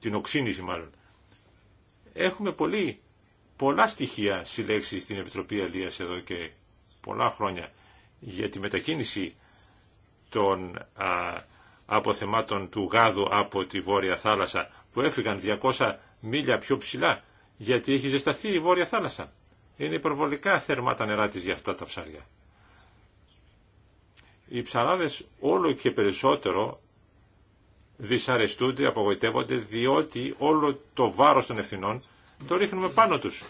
την οξύνηση μάλλον. Έχουμε πολύ, πολλά στοιχεία συλλέξει στην Επιτροπή Αλίας εδώ και πολλά χρόνια για τη μετακίνηση των αποθεμάτων του γάδου από τη Βόρεια Θάλασσα που έφυγαν 200 μίλια πιο ψηλά γιατί έχει ζεσταθεί η Βόρεια Θάλασσα. Είναι υπερβολικά θερμά τα νερά της για αυτά τα ψάρια. Οι ψαράδες όλο και περισσότερο δυσαρεστούνται, απογοητεύονται, διότι όλο το βάρος των ευθυνών το ρίχνουμε πάνω τους.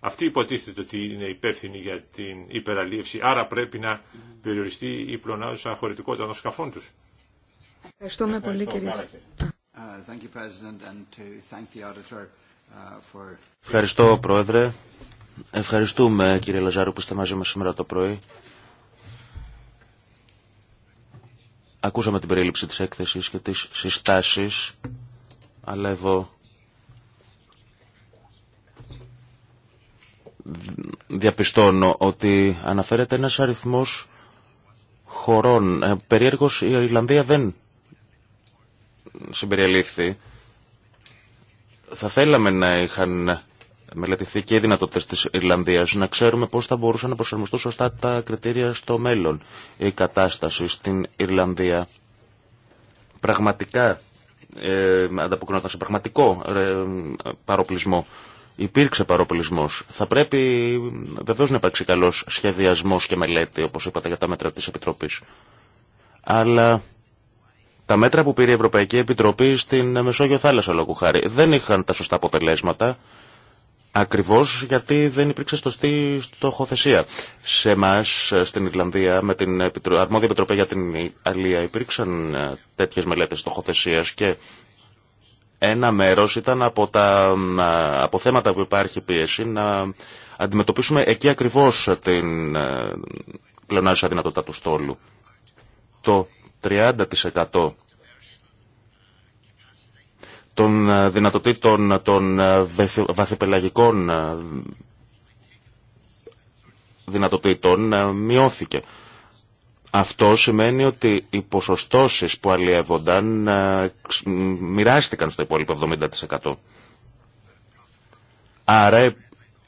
Αυτή υποτίθεται ότι είναι υπεύθυνοι για την υπεραλίευση, άρα πρέπει να περιοριστεί η πλονάζουσα χωρητικότητα των σκαφών τους. πολύ κύριε. Ευχαριστώ, Πρόεδρε. Ευχαριστούμε, κύριε Λαζάρου, που είστε μαζί μας σήμερα το πρωί. Ακούσαμε την περίληψη της έκθεσης και της συστάσεις, αλλά εδώ διαπιστώνω ότι αναφέρεται ένας αριθμός χωρών. Ε, Περίεργως η Ιρλανδία δεν συμπεριελήφθη, θα θέλαμε να είχαν μελετηθεί και οι δυνατότητες της Ιρλανδίας, να ξέρουμε πώς θα μπορούσαν να προσαρμοστούν σωστά τα κριτήρια στο μέλλον. Η κατάσταση στην Ιρλανδία πραγματικά ε, ανταποκρινόταν σε πραγματικό ε, παροπλισμό. Υπήρξε παροπλισμό. Θα πρέπει βεβαίω να υπάρξει καλό σχεδιασμό και μελέτη, όπω είπατε, για τα μέτρα τη Επιτροπή. Αλλά τα μέτρα που πήρε η Ευρωπαϊκή Επιτροπή στην Μεσόγειο Θάλασσα, λόγου χάρη, δεν είχαν τα σωστά αποτελέσματα. Ακριβώ γιατί δεν υπήρξε σωστή στοχοθεσία. Σε εμά, στην Ιρλανδία, με την αρμόδια επιτροπή για την Αλία, υπήρξαν ε, τέτοιε μελέτε στοχοθεσία και ένα μέρο ήταν από τα ε, από θέματα που υπάρχει πίεση να αντιμετωπίσουμε εκεί ακριβώ την ε, πλεονάζουσα δυνατότητα του στόλου. Το 30% των ε, δυνατοτήτων ε, των ε, βαθυπελαγικών δυνατοτήτων μειώθηκε. Αυτό σημαίνει ότι οι ποσοστώσεις που αλλιεύονταν μοιράστηκαν στο υπόλοιπο 70%. Άρα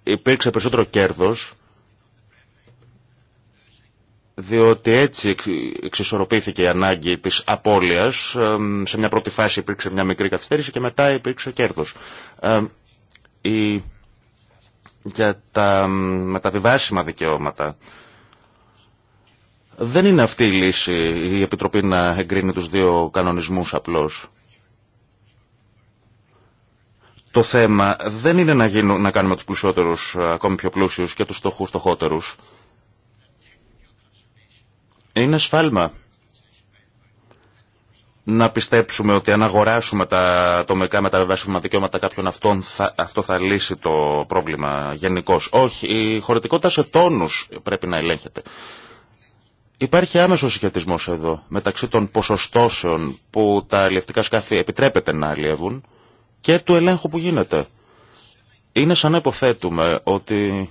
υπήρξε περισσότερο κέρδος διότι έτσι εξισορροπήθηκε η ανάγκη της απώλειας. Σε μια πρώτη φάση υπήρξε μια μικρή καθυστέρηση και μετά υπήρξε κέρδος. Η... Για τα μεταβιβάσιμα δικαιώματα δεν είναι αυτή η λύση η Επιτροπή να εγκρίνει τους δύο κανονισμούς απλώς. Το θέμα δεν είναι να, γίνουν, να κάνουμε τους πλουσιότερους ε, ακόμη πιο πλούσιους και τους στοχούς είναι σφάλμα να πιστέψουμε ότι αν αγοράσουμε τα ατομικά μεταβιβάσιμα δικαιώματα κάποιων αυτών, αυτό θα λύσει το πρόβλημα γενικώ. Όχι, η χωρητικότητα σε τόνους πρέπει να ελέγχεται. Υπάρχει άμεσο συγχετισμό εδώ μεταξύ των ποσοστώσεων που τα αλλιευτικά σκάφη επιτρέπεται να αλλιεύουν και του ελέγχου που γίνεται. Είναι σαν να υποθέτουμε ότι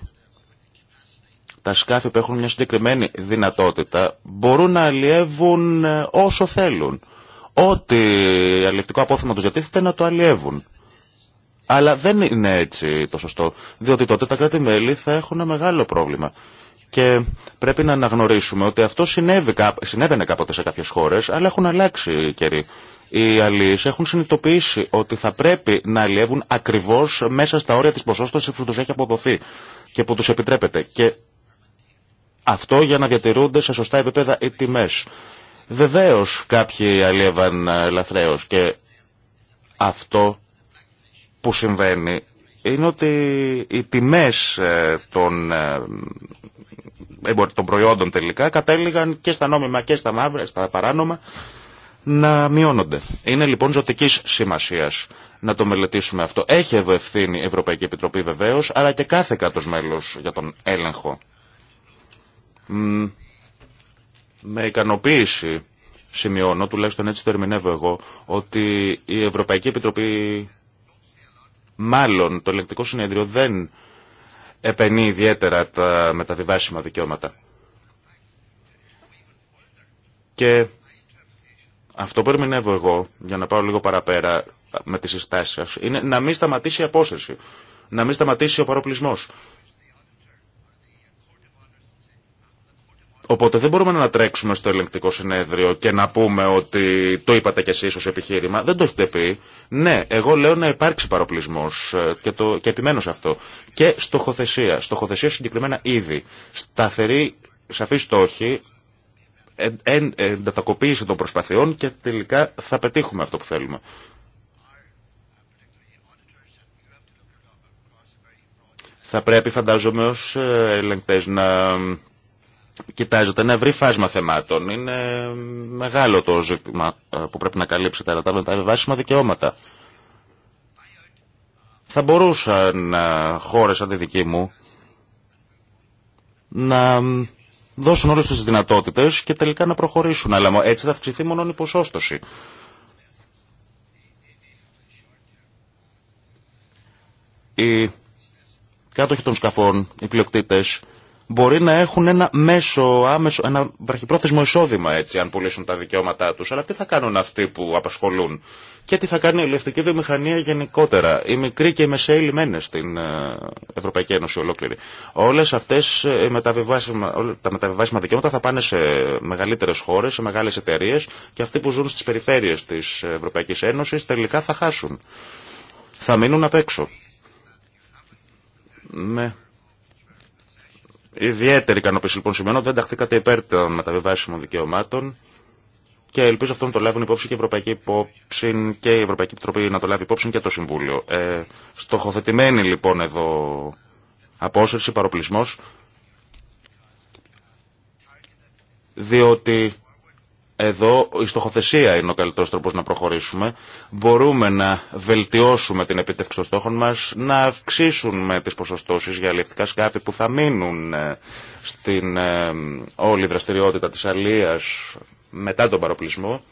τα σκάφη που έχουν μια συγκεκριμένη δυνατότητα μπορούν να αλλιεύουν ε, όσο θέλουν. Ό,τι αλλιευτικό απόθυμα του ζητήθηκε να το αλλιεύουν. Αλλά δεν είναι έτσι το σωστό, διότι τότε τα κράτη-μέλη θα έχουν ένα μεγάλο πρόβλημα. Και πρέπει να αναγνωρίσουμε ότι αυτό συνέβη, συνέβαινε κάποτε σε κάποιε χώρε, αλλά έχουν αλλάξει οι καιροί. Οι αλλιεί έχουν συνειδητοποιήσει ότι θα πρέπει να αλλιεύουν ακριβώ μέσα στα όρια τη ποσότητα που του έχει αποδοθεί και που του επιτρέπεται. Και αυτό για να διατηρούνται σε σωστά επίπεδα οι τιμέ. Βεβαίω κάποιοι αλλιεύαν ε, λαθρέω και αυτό που συμβαίνει είναι ότι οι τιμέ ε, των ε, των προϊόντων τελικά κατέληγαν και στα νόμιμα και στα μαύρα, στα παράνομα να μειώνονται. Είναι λοιπόν ζωτική σημασία να το μελετήσουμε αυτό. Έχει εδώ ευθύνη η Ευρωπαϊκή Επιτροπή βεβαίω, αλλά και κάθε κάτω μέλο για τον έλεγχο με ικανοποίηση σημειώνω, τουλάχιστον έτσι το ερμηνεύω εγώ, ότι η Ευρωπαϊκή Επιτροπή, μάλλον το ελεκτικό συνέδριο δεν επενεί ιδιαίτερα τα μεταβιβάσιμα δικαιώματα. Και αυτό που ερμηνεύω εγώ, για να πάω λίγο παραπέρα με τις συστάσεις είναι να μην σταματήσει η απόσταση, να μην σταματήσει ο παροπλισμός. Οπότε δεν μπορούμε να τρέξουμε στο ελεγκτικό συνέδριο και να πούμε ότι το είπατε κι εσείς ως επιχείρημα. Δεν το έχετε πει. Ναι, εγώ λέω να υπάρξει παροπλισμός ε, και, το, και επιμένω σε αυτό. Και στοχοθεσία. Στοχοθεσία συγκεκριμένα ήδη. Σταθερή, σαφή στόχη, εν, εν, εντατακοποίηση των προσπαθειών και τελικά θα πετύχουμε αυτό που θέλουμε. Θα πρέπει φαντάζομαι ως ε, ελεγκτές να κοιτάζεται ένα ευρύ φάσμα θεμάτων. Είναι μεγάλο το ζήτημα ε, που πρέπει να καλύψει τα βάσιμα τα δικαιώματα. Θα μπορούσαν ε, χώρε σαν τη δική μου να δώσουν όλες τις δυνατότητες και τελικά να προχωρήσουν. Αλλά έτσι θα αυξηθεί μόνο η ποσόστοση. Οι κάτοχοι των σκαφών, οι πλειοκτήτες, μπορεί να έχουν ένα μέσο, άμεσο, ένα βραχυπρόθεσμο εισόδημα έτσι, αν πουλήσουν τα δικαιώματά του. Αλλά τι θα κάνουν αυτοί που απασχολούν και τι θα κάνει η ελευθερική βιομηχανία γενικότερα, οι μικροί και οι μεσαίοι λιμένε στην ε, Ευρωπαϊκή Ένωση ολόκληρη. Όλε αυτέ ε, τα μεταβιβάσιμα δικαιώματα θα πάνε σε μεγαλύτερε χώρε, σε μεγάλε εταιρείε και αυτοί που ζουν στι περιφέρειε τη Ευρωπαϊκή Ένωση τελικά θα χάσουν. Θα μείνουν απ' έξω. Ιδιαίτερη ικανοποίηση λοιπόν σημαίνω, δεν ταχθήκατε υπέρ των μεταβιβάσιμων δικαιωμάτων και ελπίζω αυτό να το λάβουν υπόψη και η Ευρωπαϊκή, υπόψη και Ευρωπαϊκή Επιτροπή να το λάβει υπόψη και το Συμβούλιο. Ε, στοχοθετημένη λοιπόν εδώ απόσυρση, παροπλισμός, διότι εδώ η στοχοθεσία είναι ο καλύτερο τρόπο να προχωρήσουμε. Μπορούμε να βελτιώσουμε την επίτευξη των στόχων μα, να αυξήσουμε τι ποσοστώσει για αλληλευτικά σκάφη που θα μείνουν ε, στην ε, όλη δραστηριότητα τη αλληλεία μετά τον παροπλισμό.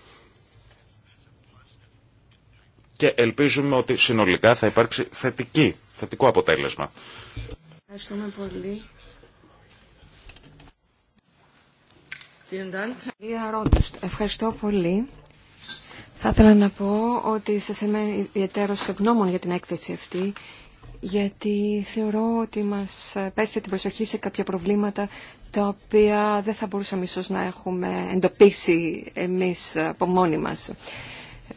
Και ελπίζουμε ότι συνολικά θα υπάρξει θετική, θετικό αποτέλεσμα. Ευχαριστώ πολύ. Θα ήθελα να πω ότι σας είμαι ιδιαίτερος ευγνώμων για την έκθεση αυτή, γιατί θεωρώ ότι μας πέστε την προσοχή σε κάποια προβλήματα τα οποία δεν θα μπορούσαμε ίσως να έχουμε εντοπίσει εμείς από μόνοι μας.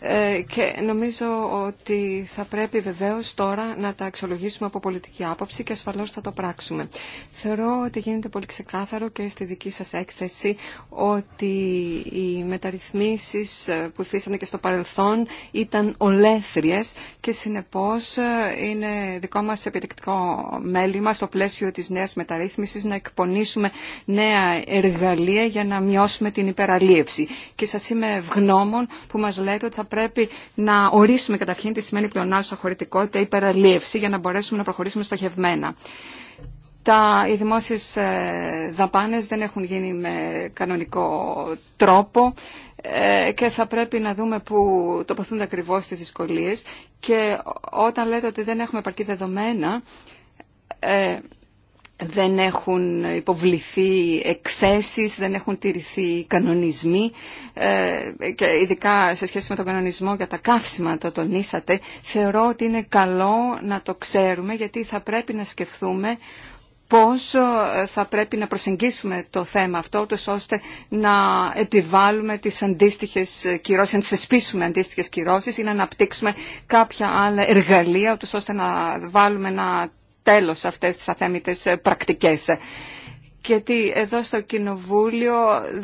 Ε, και νομίζω ότι θα πρέπει βεβαίως τώρα να τα αξιολογήσουμε από πολιτική άποψη και ασφαλώς θα το πράξουμε. Θεωρώ ότι γίνεται πολύ ξεκάθαρο και στη δική σας έκθεση ότι οι μεταρρυθμίσεις ε, που υφίστανται και στο παρελθόν ήταν ολέθριες και συνεπώς ε, είναι δικό μας επιτεκτικό μέλημα στο πλαίσιο της νέας μεταρρύθμισης να εκπονήσουμε νέα εργαλεία για να μειώσουμε την υπεραλίευση. Και σας είμαι ευγνώμων που μας λέτε ότι θα πρέπει να ορίσουμε καταρχήν τι σημαίνει πλεονάζουσα χωρητικότητα ή υπεραλίευση για να μπορέσουμε να προχωρήσουμε στοχευμένα. Τα, οι δημόσιες ε, δαπάνες δεν έχουν γίνει με κανονικό τρόπο ε, και θα πρέπει να δούμε που τοποθούνται ακριβώς τις δυσκολίες και όταν λέτε ότι δεν έχουμε επαρκή δεδομένα ε, δεν έχουν υποβληθεί εκθέσεις, δεν έχουν τηρηθεί κανονισμοί ε, και ειδικά σε σχέση με τον κανονισμό για τα καύσιμα το τονίσατε, θεωρώ ότι είναι καλό να το ξέρουμε γιατί θα πρέπει να σκεφτούμε πώς ε, θα πρέπει να προσεγγίσουμε το θέμα αυτό, ώστε να επιβάλλουμε τις αντίστοιχες κυρώσεις, να θεσπίσουμε αντίστοιχες κυρώσεις ή να αναπτύξουμε κάποια άλλα εργαλεία, ώστε να βάλουμε ένα τέλος σε αυτές τις αθέμητες ε, πρακτικές. Γιατί εδώ στο Κοινοβούλιο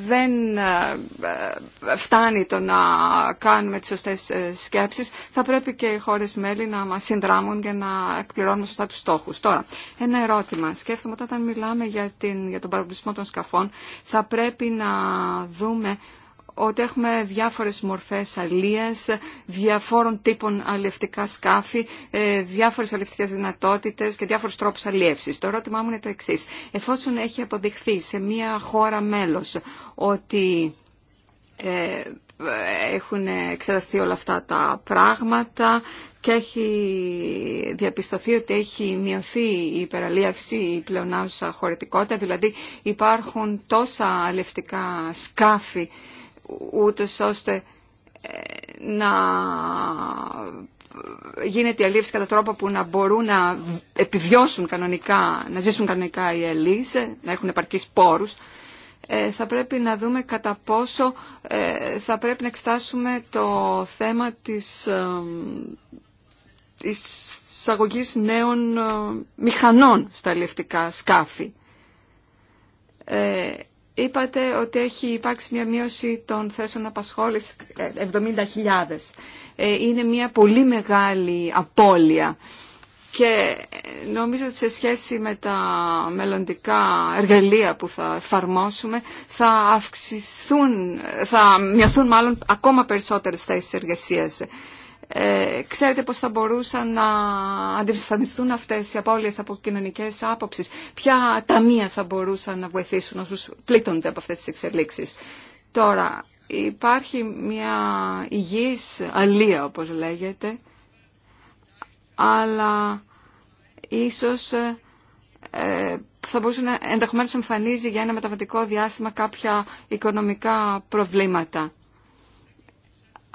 δεν ε, ε, φτάνει το να κάνουμε τις σωστές σκέψεις. Θα πρέπει και οι χώρες μέλη να μας συνδράμουν και να εκπληρώνουμε σωστά τους στόχους. Τώρα, ένα ερώτημα. Σκέφτομαι όταν μιλάμε για, την, για τον παραπλησμό των σκαφών, θα πρέπει να δούμε ότι έχουμε διάφορες μορφές αλίας, διαφόρων τύπων αλλιευτικά σκάφη, ε, διάφορες αλλιευτικές δυνατότητες και διάφορους τρόπους αλλιεύσης. Το ερώτημά μου είναι το εξής. Εφόσον έχει αποδειχθεί σε μια χώρα μέλος ότι ε, έχουν εξεταστεί όλα αυτά τα πράγματα και έχει διαπιστωθεί ότι έχει μειωθεί η υπεραλίευση, η πλεονάζουσα χωρητικότητα, δηλαδή υπάρχουν τόσα αλευτικά σκάφη ούτως ώστε ε, να γίνεται η αλήψη κατά τρόπο που να μπορούν να επιβιώσουν κανονικά, να ζήσουν κανονικά οι αλείς, να έχουν επαρκείς πόρους, ε, θα πρέπει να δούμε κατά πόσο ε, θα πρέπει να εξετάσουμε το θέμα της εισαγωγής νέων μηχανών στα αλληλευτικά σκάφη. Είπατε ότι έχει υπάρξει μια μείωση των θέσεων απασχόλησης 70.000. Ε, ε, είναι μια πολύ μεγάλη απώλεια και ε, νομίζω ότι σε σχέση με τα μελλοντικά εργαλεία που θα εφαρμόσουμε θα αυξηθούν, θα μειωθούν μάλλον ακόμα περισσότερες θέσεις εργασίας. Ε, ξέρετε πώς θα μπορούσαν να αντιστανιστούν αυτές οι απώλειες από κοινωνικές άποψεις. Ποια ταμεία θα μπορούσαν να βοηθήσουν όσους πλήττονται από αυτές τις εξελίξεις. Τώρα, υπάρχει μια υγιής αλία, όπως λέγεται, αλλά ίσως ε, θα μπορούσε να ενδεχομένως εμφανίζει για ένα μεταβατικό διάστημα κάποια οικονομικά προβλήματα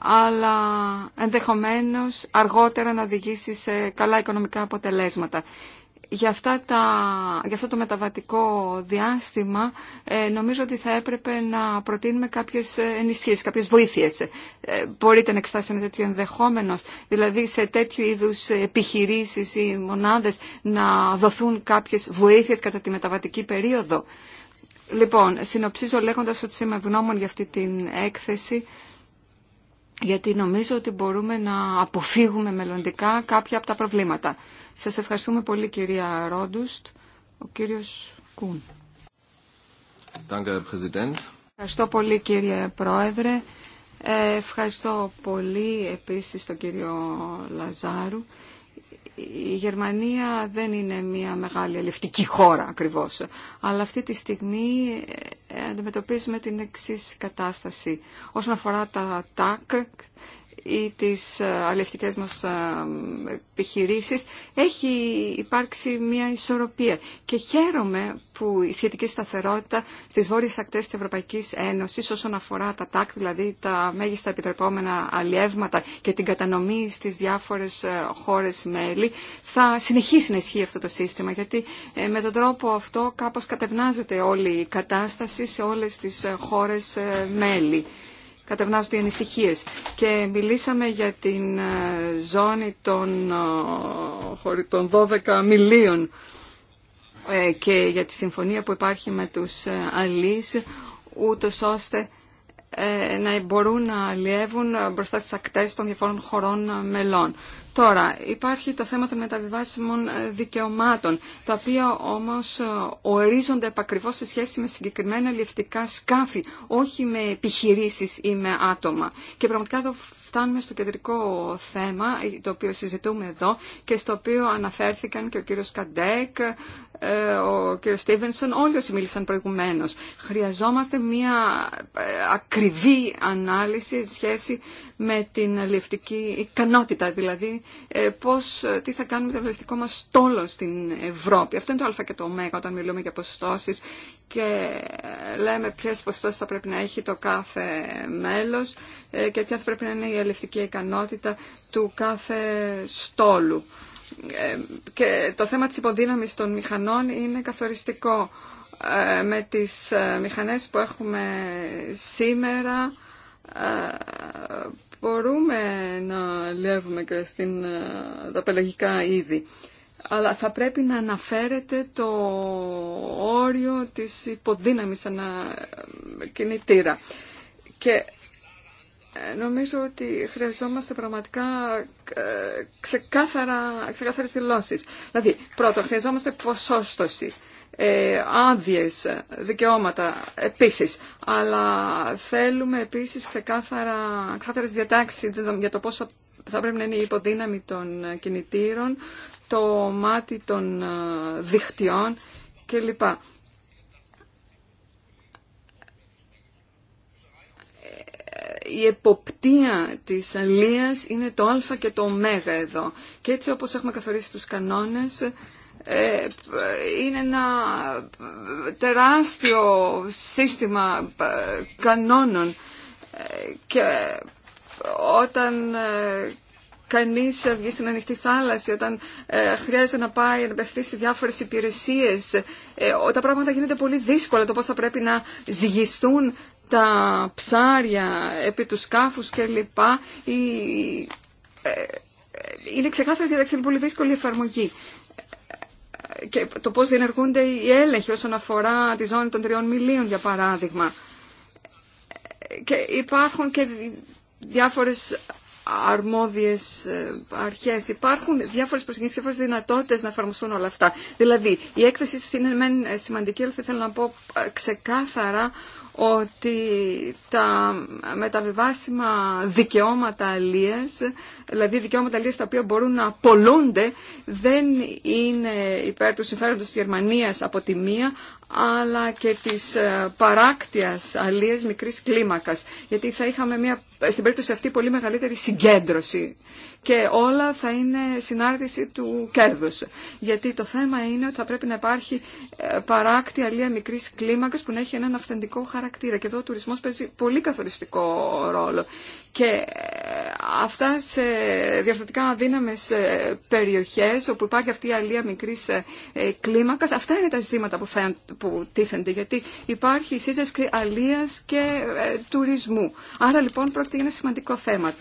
αλλά ενδεχομένως αργότερα να οδηγήσει σε καλά οικονομικά αποτελέσματα. Για, αυτά τα, για αυτό το μεταβατικό διάστημα ε, νομίζω ότι θα έπρεπε να προτείνουμε κάποιες ενισχύσεις, κάποιες βοήθειες. Ε, μπορείτε να εξετάσετε ένα τέτοιο ενδεχόμενο, δηλαδή σε τέτοιου είδους επιχειρήσεις ή μονάδες να δοθούν κάποιες βοήθειες κατά τη μεταβατική περίοδο. Λοιπόν, συνοψίζω λέγοντας ότι είμαι ευγνώμων για αυτή την έκθεση γιατί νομίζω ότι μπορούμε να αποφύγουμε μελλοντικά κάποια από τα προβλήματα. Σας ευχαριστούμε πολύ κυρία Ρόντουστ. Ο κύριος Κούν. Ευχαριστώ πολύ κύριε Πρόεδρε. Ε, ευχαριστώ πολύ επίσης τον κύριο Λαζάρου η Γερμανία δεν είναι μια μεγάλη ελευτική χώρα ακριβώς, αλλά αυτή τη στιγμή ε, αντιμετωπίζουμε την εξής κατάσταση. Όσον αφορά τα ΤΑΚ, ή τις ε, αλληλευτικές μας ε, επιχειρήσεις έχει υπάρξει μια ισορροπία και χαίρομαι που η σχετική σταθερότητα στις βόρειες ακτές της Ευρωπαϊκής Ένωσης όσον αφορά τα τάκ, δηλαδή τα μέγιστα επιτρεπόμενα αλλιεύματα και την κατανομή στις διάφορες ε, χώρες μέλη θα συνεχίσει να ισχύει αυτό το σύστημα γιατί με τον τρόπο αυτό κάπως κατευνάζεται όλη η κατάσταση σε όλες τις χώρες μέλη κατευνάζονται οι ανησυχίες. Και μιλήσαμε για την ε, ζώνη των, ε, των 12 μιλίων ε, και για τη συμφωνία που υπάρχει με τους αλείς, ούτως ώστε να μπορούν να αλλιεύουν μπροστά στις ακτές των διαφόρων χωρών μελών. Τώρα, υπάρχει το θέμα των μεταβιβάσιμων ε, δικαιωμάτων, τα οποία όμως ε, ορίζονται επακριβώς σε σχέση με συγκεκριμένα ληφτικά σκάφη, όχι με επιχειρήσεις ή με άτομα. Και πραγματικά εδώ φτάνουμε στο κεντρικό θέμα το οποίο συζητούμε εδώ και στο οποίο αναφέρθηκαν και ο κύριος Καντέκ, ε, ο κύριος Στίβενσον, όλοι όσοι μίλησαν προηγουμένως. Χρειαζόμαστε μια ε, ακριβή ανάλυση σχέση με την λευτική ικανότητα, δηλαδή ε, πώς, τι θα κάνουμε με το ληφτικό μας στόλο στην Ευρώπη. Αυτό είναι το α και το ω όταν μιλούμε για ποσοστώσεις και λέμε ποιες ποσότητες θα πρέπει να έχει το κάθε μέλος ε, και ποια θα πρέπει να είναι η ελευτική ικανότητα του κάθε στόλου. Ε, και το θέμα της υποδύναμης των μηχανών είναι καθοριστικό. Ε, με τις μηχανές που έχουμε σήμερα μπορούμε να λεύουμε και στην τα είδη αλλά θα πρέπει να αναφέρεται το όριο της υποδύναμης κινητήρα. Και ε, νομίζω ότι χρειαζόμαστε πραγματικά ε, ξεκάθαρα, ξεκάθαρες δηλώσεις. Δηλαδή, πρώτον, χρειαζόμαστε ποσόστοση, ε, άδειε δικαιώματα επίσης, αλλά θέλουμε επίσης ξεκάθαρα, ξεκάθαρες διατάξεις για το πόσο θα πρέπει να είναι η υποδύναμη των κινητήρων, το μάτι των ε, δικτυών κλπ. Ε, η εποπτεία της αλίας είναι το α και το ω εδώ. Και έτσι όπως έχουμε καθορίσει τους κανόνες, ε, είναι ένα τεράστιο σύστημα κανόνων και όταν κανείς βγει στην ανοιχτή θάλασσα, όταν ε, χρειάζεται να πάει να πεφθεί σε διάφορες υπηρεσίες. Ε, τα πράγματα γίνονται πολύ δύσκολα, το πώς θα πρέπει να ζυγιστούν τα ψάρια επί του σκάφους κλπ. Η, ε, ε είναι ξεκάθαρη είναι πολύ δύσκολη η εφαρμογή και το πώς διενεργούνται οι έλεγχοι όσον αφορά τη ζώνη των τριών μιλίων, για παράδειγμα. Ε, και υπάρχουν και διάφορες αρμόδιες ε, αρχές. Υπάρχουν διάφορες προσεγγίσεις, διάφορες δυνατότητες να εφαρμοστούν όλα αυτά. Δηλαδή, η έκθεση είναι σημαντική, αλλά θα ήθελα να πω ε, ξεκάθαρα ότι τα μεταβιβάσιμα δικαιώματα αλίες, δηλαδή δικαιώματα αλίες τα οποία μπορούν να πολλούνται, δεν είναι υπέρ του συμφέροντος της Γερμανίας από τη μία, αλλά και της ε, παράκτιας αλίες μικρής κλίμακας. Γιατί θα είχαμε μια, στην περίπτωση αυτή πολύ μεγαλύτερη συγκέντρωση και όλα θα είναι συνάρτηση του κέρδους. Γιατί το θέμα είναι ότι θα πρέπει να υπάρχει ε, παράκτη αλία μικρή κλίμακα που να έχει έναν αυθεντικό χαρακτήρα και εδώ ο τουρισμός παίζει πολύ καθοριστικό ρόλο. Και ε, αυτά σε διαφορετικά αδύναμες ε, περιοχές όπου υπάρχει αυτή η αλία μικρής κλίμακας, αυτά είναι τα ζητήματα που, τίθενται γιατί υπάρχει η σύζευξη αλίας και τουρισμού. Άρα λοιπόν πρόκειται για ένα σημαντικό θέμα.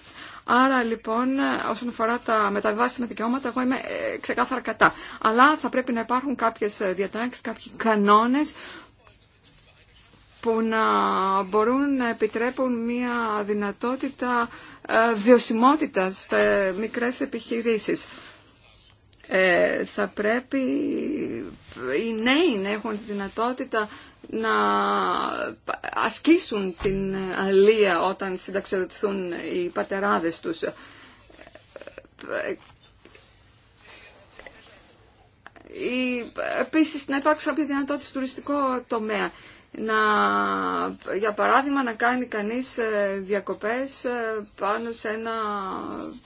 Άρα λοιπόν όσον αφορά τα μεταβάσιμα δικαιώματα εγώ είμαι ε, ξεκάθαρα κατά. Αλλά θα πρέπει να υπάρχουν κάποιες ε, διατάξεις, κάποιοι κανόνες που να μπορούν να επιτρέπουν μια δυνατότητα ε, βιωσιμότητα στα μικρές επιχειρήσεις. θα πρέπει οι νέοι να έχουν τη δυνατότητα να ασκήσουν την αλία όταν συνταξιοδοτηθούν οι πατεράδες τους. Επίσης να υπάρξουν κάποια δυνατότητα στο τουριστικό τομέα. Να, για παράδειγμα να κάνει κανείς ε, διακοπές ε, πάνω σε ένα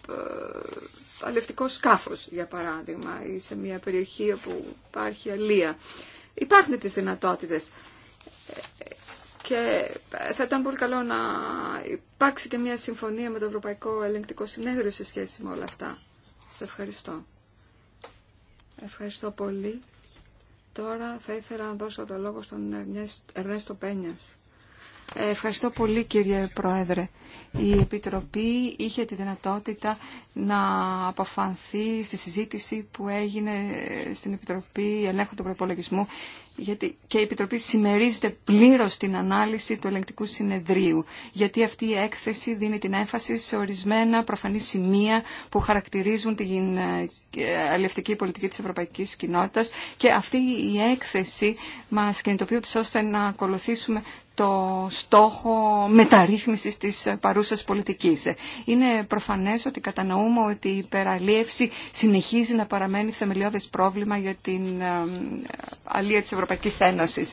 ε, αλευτικό σκάφος για παράδειγμα ή σε μια περιοχή όπου υπάρχει αλία. Υπάρχουν τις δυνατότητες. Και θα ήταν πολύ καλό να υπάρξει και μια συμφωνία με το Ευρωπαϊκό Ελεγκτικό Συνέδριο σε σχέση με όλα αυτά. Σε ευχαριστώ. Ευχαριστώ πολύ. Τώρα θα ήθελα να δώσω το λόγο στον Ερνέστο Πένιας. Ευχαριστώ πολύ κύριε Πρόεδρε. Η Επιτροπή είχε τη δυνατότητα να αποφανθεί στη συζήτηση που έγινε στην Επιτροπή Ελέγχου του Προπολογισμού γιατί και η Επιτροπή συμμερίζεται πλήρως την ανάλυση του ελεγκτικού συνεδρίου, γιατί αυτή η έκθεση δίνει την έμφαση σε ορισμένα προφανή σημεία που χαρακτηρίζουν την ε, αλληλευτική πολιτική της ευρωπαϊκής κοινότητας και αυτή η έκθεση μας κινητοποιεί ώστε να ακολουθήσουμε το στόχο μεταρρύθμισης της παρούσας πολιτικής. Είναι προφανές ότι κατανοούμε ότι η υπεραλίευση συνεχίζει να παραμένει θεμελιώδες πρόβλημα για την ε, αλία της Ευρωπαϊκής Ένωσης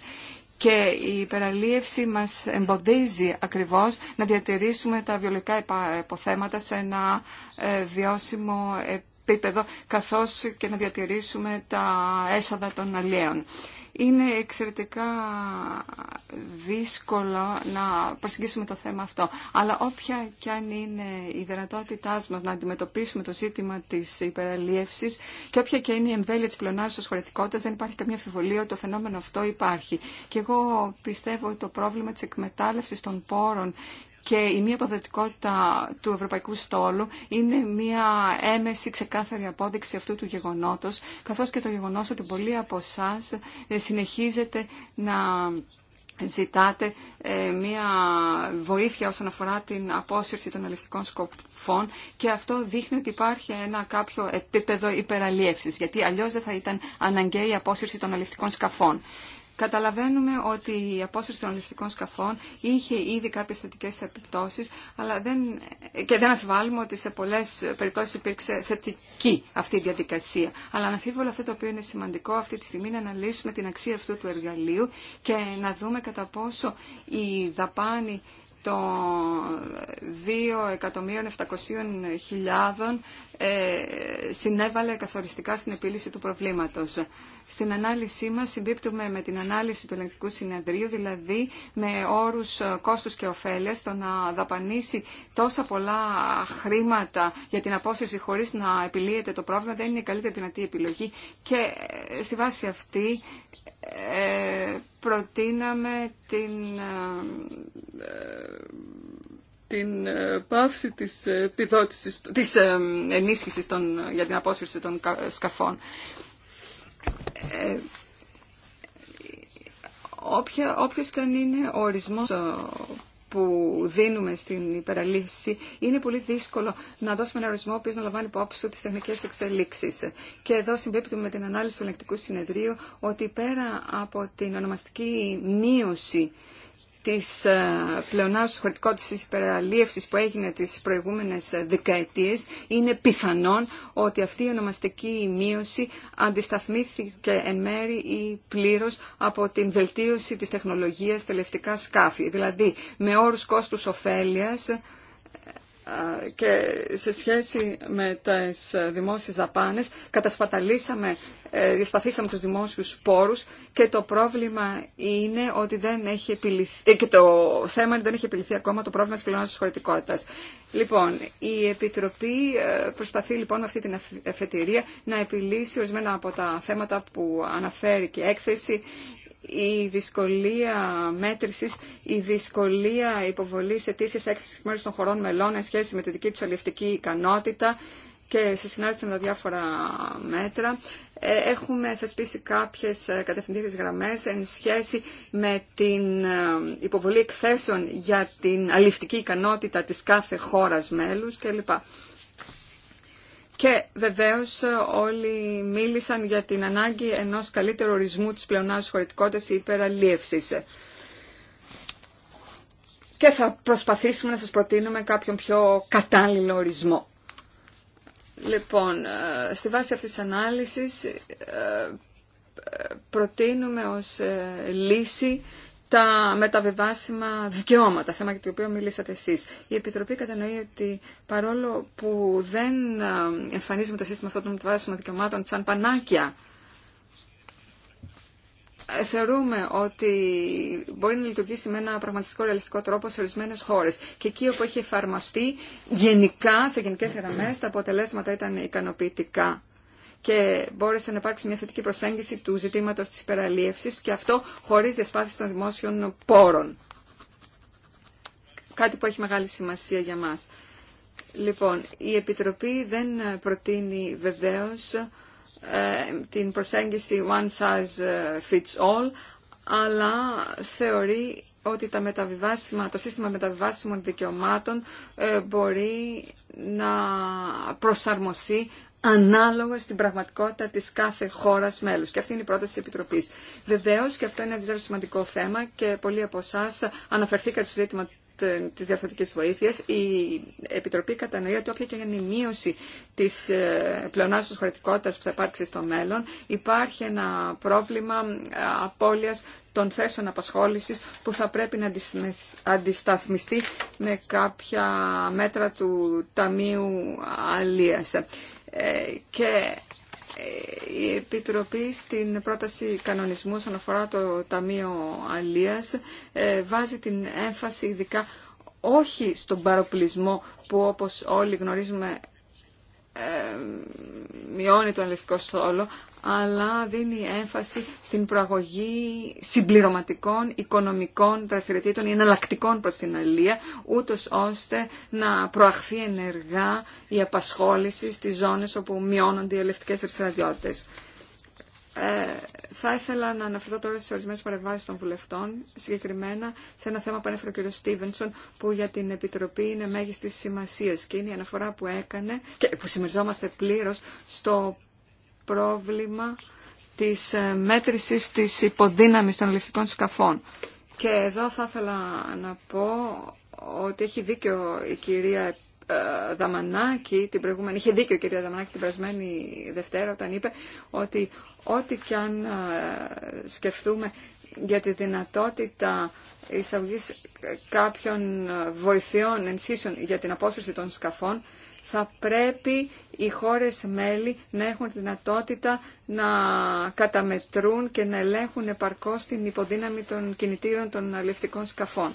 και η υπεραλίευση μας εμποδίζει ακριβώς να διατηρήσουμε τα βιολογικά υποθέματα σε ένα ε, βιώσιμο επίπεδο καθώς και να διατηρήσουμε τα έσοδα των αλλαίων είναι εξαιρετικά δύσκολο να προσεγγίσουμε το θέμα αυτό. Αλλά όποια και αν είναι η δυνατότητά μα να αντιμετωπίσουμε το ζήτημα τη υπεραλίευση και όποια και είναι η εμβέλεια τη τη χωρητικότητα, δεν υπάρχει καμία αφιβολία ότι το φαινόμενο αυτό υπάρχει. Και εγώ πιστεύω ότι το πρόβλημα τη εκμετάλλευση των πόρων και η μια αποδοτικότητα του Ευρωπαϊκού Στόλου είναι μια έμεση ξεκάθαρη απόδειξη αυτού του γεγονότος, καθώς και το γεγονός ότι πολλοί από εσά ε, συνεχίζετε να ζητάτε ε, μια βοήθεια όσον αφορά την απόσυρση των αληθικών σκοφών και αυτό δείχνει ότι υπάρχει ένα κάποιο επίπεδο υπεραλίευσης, γιατί αλλιώς δεν θα ήταν αναγκαία η απόσυρση των αληθικών σκαφών. Καταλαβαίνουμε ότι η απόσυρση των ληφτικών σκαφών είχε ήδη κάποιες θετικέ επιπτώσεις αλλά δεν, και δεν αφιβάλλουμε ότι σε πολλέ περιπτώσει υπήρξε θετική αυτή η διαδικασία. Αλλά αναφίβολα αυτό το οποίο είναι σημαντικό αυτή τη στιγμή είναι να αναλύσουμε την αξία αυτού του εργαλείου και να δούμε κατά πόσο η δαπάνη των 2.700.000 ε, συνέβαλε καθοριστικά στην επίλυση του προβλήματος. Στην ανάλυση μας συμπίπτουμε με την ανάλυση του ελεγκτικού συνεδρίου, δηλαδή με όρους ε, κόστους και ωφέλες, το να δαπανίσει τόσα πολλά χρήματα για την απόσυρση χωρίς να επιλύεται το πρόβλημα δεν είναι η καλύτερη δυνατή επιλογή και ε, στη βάση αυτή προτείναμε την, ε, ε, την ε, πάυση της επιδότησης, της ενίσχυσης των, για την απόσυρση των σκαφών. όποια, είναι ο ορισμός που δίνουμε στην υπεραλήψη, είναι πολύ δύσκολο να δώσουμε ένα ορισμό που να λαμβάνει υπόψη τι τεχνικέ εξελίξει. Και εδώ συμπίπτουμε με την ανάλυση του ελεκτικού συνεδρίου ότι πέρα από την ονομαστική μείωση της ε, πλεονάρωσης χωρητικότητας της υπεραλίευσης που έγινε τις προηγούμενες ε, δεκαετίες είναι πιθανόν ότι αυτή η ονομαστική μείωση αντισταθμίθηκε εν μέρη ή πλήρως από την βελτίωση της τεχνολογίας τελευταία σκάφη. Δηλαδή με όρους κόστους ωφέλειας και σε σχέση με τις ε, δημόσιες δαπάνες κατασπαταλήσαμε, ε, διασπαθήσαμε τους δημόσιους πόρους και το πρόβλημα είναι ότι δεν έχει επιληθεί, ε, και το θέμα είναι δεν έχει επιληθεί ακόμα το πρόβλημα της τη χωρητικότητας. Λοιπόν, η Επιτροπή προσπαθεί λοιπόν με αυτή την εφετηρία να επιλύσει ορισμένα από τα θέματα που αναφέρει και έκθεση η δυσκολία μέτρησης, η δυσκολία υποβολής αιτήσια έκθεσης εκ των χωρών μελών εν σχέση με τη δική του αλληλευτική ικανότητα και σε συνάρτηση με τα διάφορα μέτρα. Ε, έχουμε θεσπίσει κάποιες ε, κατευθυντήριες γραμμές εν σχέση με την ε, υποβολή εκθέσεων για την αλληλευτική ικανότητα της κάθε χώρας μέλους κλπ. Και βεβαίως ε, όλοι μίλησαν για την ανάγκη ενός καλύτερου ορισμού της πλεονάς χωρητικότητας ή υπεραλίευσης. Και θα προσπαθήσουμε να σας προτείνουμε κάποιον πιο κατάλληλο ορισμό. Λοιπόν, ε, στη βάση αυτής της ανάλυσης ε, προτείνουμε ως λύση τα μεταβιβάσιμα δικαιώματα, θέμα για το οποίο μιλήσατε εσείς. Η Επιτροπή κατανοεί ότι παρόλο που δεν ε, εμφανίζουμε το σύστημα αυτών των μεταβιβάσιμων δικαιωμάτων σαν πανάκια, ε, θεωρούμε ότι μπορεί να λειτουργήσει με ένα πραγματικό ρεαλιστικό τρόπο σε ορισμένε χώρε. Και εκεί όπου έχει εφαρμοστεί, γενικά, σε γενικέ γραμμέ, τα αποτελέσματα ήταν ικανοποιητικά και μπόρεσε να υπάρξει μια θετική προσέγγιση του ζητήματος της υπεραλίευσης και αυτό χωρίς διασπάθηση των δημόσιων πόρων. Κάτι που έχει μεγάλη σημασία για μας. Λοιπόν, η Επιτροπή δεν προτείνει βεβαίως ε, την προσέγγιση one size fits all, αλλά θεωρεί ότι τα μεταβιβάσιμα, το σύστημα μεταβιβάσιμων δικαιωμάτων ε, μπορεί να προσαρμοστεί ανάλογα στην πραγματικότητα της κάθε χώρας μέλους. Και αυτή είναι η πρόταση της Επιτροπής. Βεβαίως, και αυτό είναι ένα σημαντικό θέμα και πολλοί από εσά αναφερθήκατε στο ζήτημα της διαφορετικής βοήθειας, η Επιτροπή κατανοεί ότι όποια και είναι η μείωση της ε, πλεονάσεως χωρητικότητας που θα υπάρξει στο μέλλον, υπάρχει ένα πρόβλημα ε, απώλειας των θέσεων απασχόλησης που θα πρέπει να αντισταθμιστεί με κάποια μέτρα του Ταμείου Αλίας. Ε, και ε, η Επιτροπή στην πρόταση κανονισμού όσον αφορά το Ταμείο Αλίας ε, βάζει την έμφαση ειδικά όχι στον παροπλισμό που όπως όλοι γνωρίζουμε ε, μειώνει τον ελευθερικό στόλο, αλλά δίνει έμφαση στην προαγωγή συμπληρωματικών οικονομικών δραστηριοτήτων ή εναλλακτικών προς την αλληλεία ούτως ώστε να προαχθεί ενεργά η απασχόληση στις ζώνες όπου μειώνονται οι ελευτικές δραστηριότητες. Ε, θα ήθελα να αναφερθώ τώρα στι ορισμένε παρεμβάσει των βουλευτών, συγκεκριμένα σε ένα θέμα που ανέφερε ο κ. Στίβενσον, που για την Επιτροπή είναι μέγιστη σημασία και είναι η αναφορά που έκανε και που συμμεριζόμαστε πλήρω στο πρόβλημα της ε, μέτρησης της υποδύναμης των ελευθερικών σκαφών. Και εδώ θα ήθελα να πω ότι έχει δίκιο η κυρία ε, Δαμανάκη την προηγούμενη, είχε δίκιο η κυρία Δαμανάκη την περασμένη Δευτέρα όταν είπε ότι ό,τι κι αν ε, σκεφτούμε για τη δυνατότητα εισαγωγή κάποιων ε, βοηθειών, ενσύσεων για την απόσυρση των σκαφών, θα πρέπει οι χώρες μέλη να έχουν τη δυνατότητα να καταμετρούν και να ελέγχουν επαρκώς την υποδύναμη των κινητήρων των αλληλευτικών σκαφών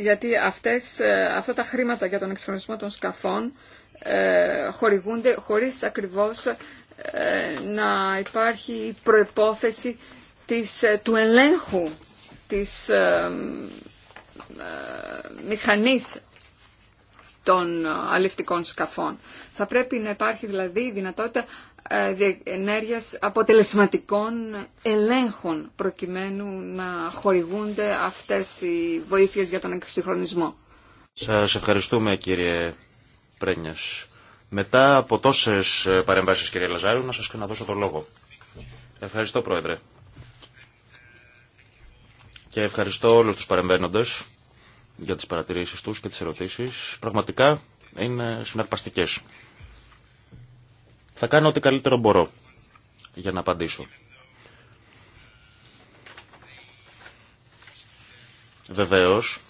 γιατί αυτές, ε, αυτά τα χρήματα για τον εξοπλισμό των σκαφών ε, χορηγούνται χωρίς ακριβώς ε, να υπάρχει προϋπόθεση της, του ελέγχου της ε, μηχανής των αληφτικών σκαφών. Θα πρέπει να υπάρχει δηλαδή η δυνατότητα ε, ενέργειας αποτελεσματικών ελέγχων προκειμένου να χορηγούνται αυτές οι βοήθειες για τον εξυγχρονισμό. Σας ευχαριστούμε κύριε Πρένιας. Μετά από τόσες ε, παρεμβάσεις κύριε Λαζάρου να σας δώσω το λόγο. Ευχαριστώ πρόεδρε. Και ευχαριστώ όλους τους παρεμβαίνοντες για τις παρατηρήσεις τους και τις ερωτήσεις. Πραγματικά είναι συναρπαστικές. Θα κάνω ό,τι καλύτερο μπορώ για να απαντήσω. Βεβαίως,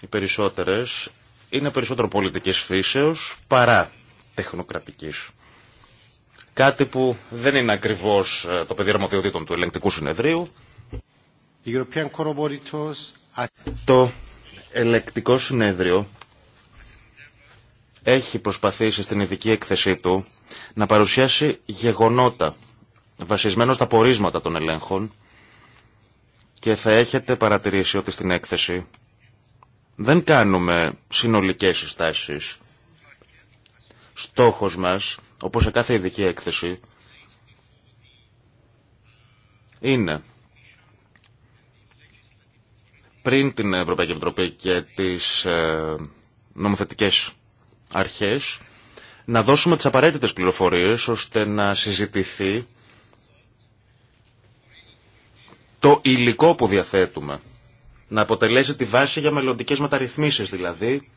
οι περισσότερες είναι περισσότερο πολιτικής φύσεως παρά τεχνοκρατικής. Κάτι που δεν είναι ακριβώς ε, το πεδίο αρμοδιοτήτων του ελεγκτικού συνεδρίου. Το ελεκτικό συνέδριο έχει προσπαθήσει στην ειδική έκθεσή του να παρουσιάσει γεγονότα βασισμένο στα πορίσματα των ελέγχων και θα έχετε παρατηρήσει ότι στην έκθεση δεν κάνουμε συνολικές συστάσεις. Στόχος μας, όπως σε κάθε ειδική έκθεση, είναι πριν την Ευρωπαϊκή Επιτροπή και τις ε, νομοθετικές αρχές να δώσουμε τις απαραίτητες πληροφορίες ώστε να συζητηθεί το υλικό που διαθέτουμε. Να αποτελέσει τη βάση για μελλοντικές μεταρρυθμίσεις δηλαδή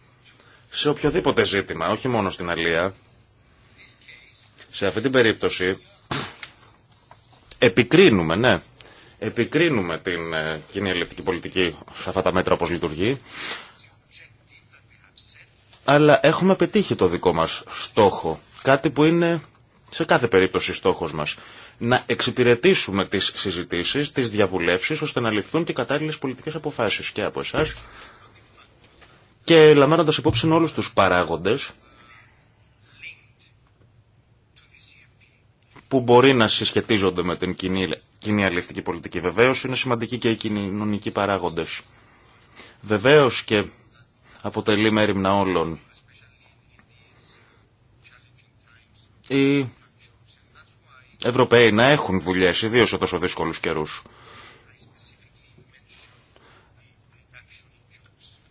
σε οποιοδήποτε ζήτημα, όχι μόνο στην Αλία. Σε αυτή την περίπτωση επικρίνουμε, ναι, επικρίνουμε την ε, κοινή ελευθερική πολιτική σε αυτά τα μέτρα όπως λειτουργεί, αλλά έχουμε πετύχει το δικό μας στόχο. Κάτι που είναι σε κάθε περίπτωση στόχος μας. Να εξυπηρετήσουμε τις συζητήσεις, τις διαβουλεύσεις, ώστε να ληφθούν και κατάλληλες πολιτικές αποφάσεις και από εσάς. Και λαμβάνοντας υπόψη όλους τους παράγοντες που μπορεί να συσχετίζονται με την κοινή, κοινή αλληλευτική πολιτική. Βεβαίως είναι σημαντικοί και οι κοινωνικοί παράγοντες. Βεβαίως και αποτελεί μέρημνα όλων. Οι Ευρωπαίοι να έχουν δουλειέ, ιδίω σε τόσο δύσκολους καιρούς.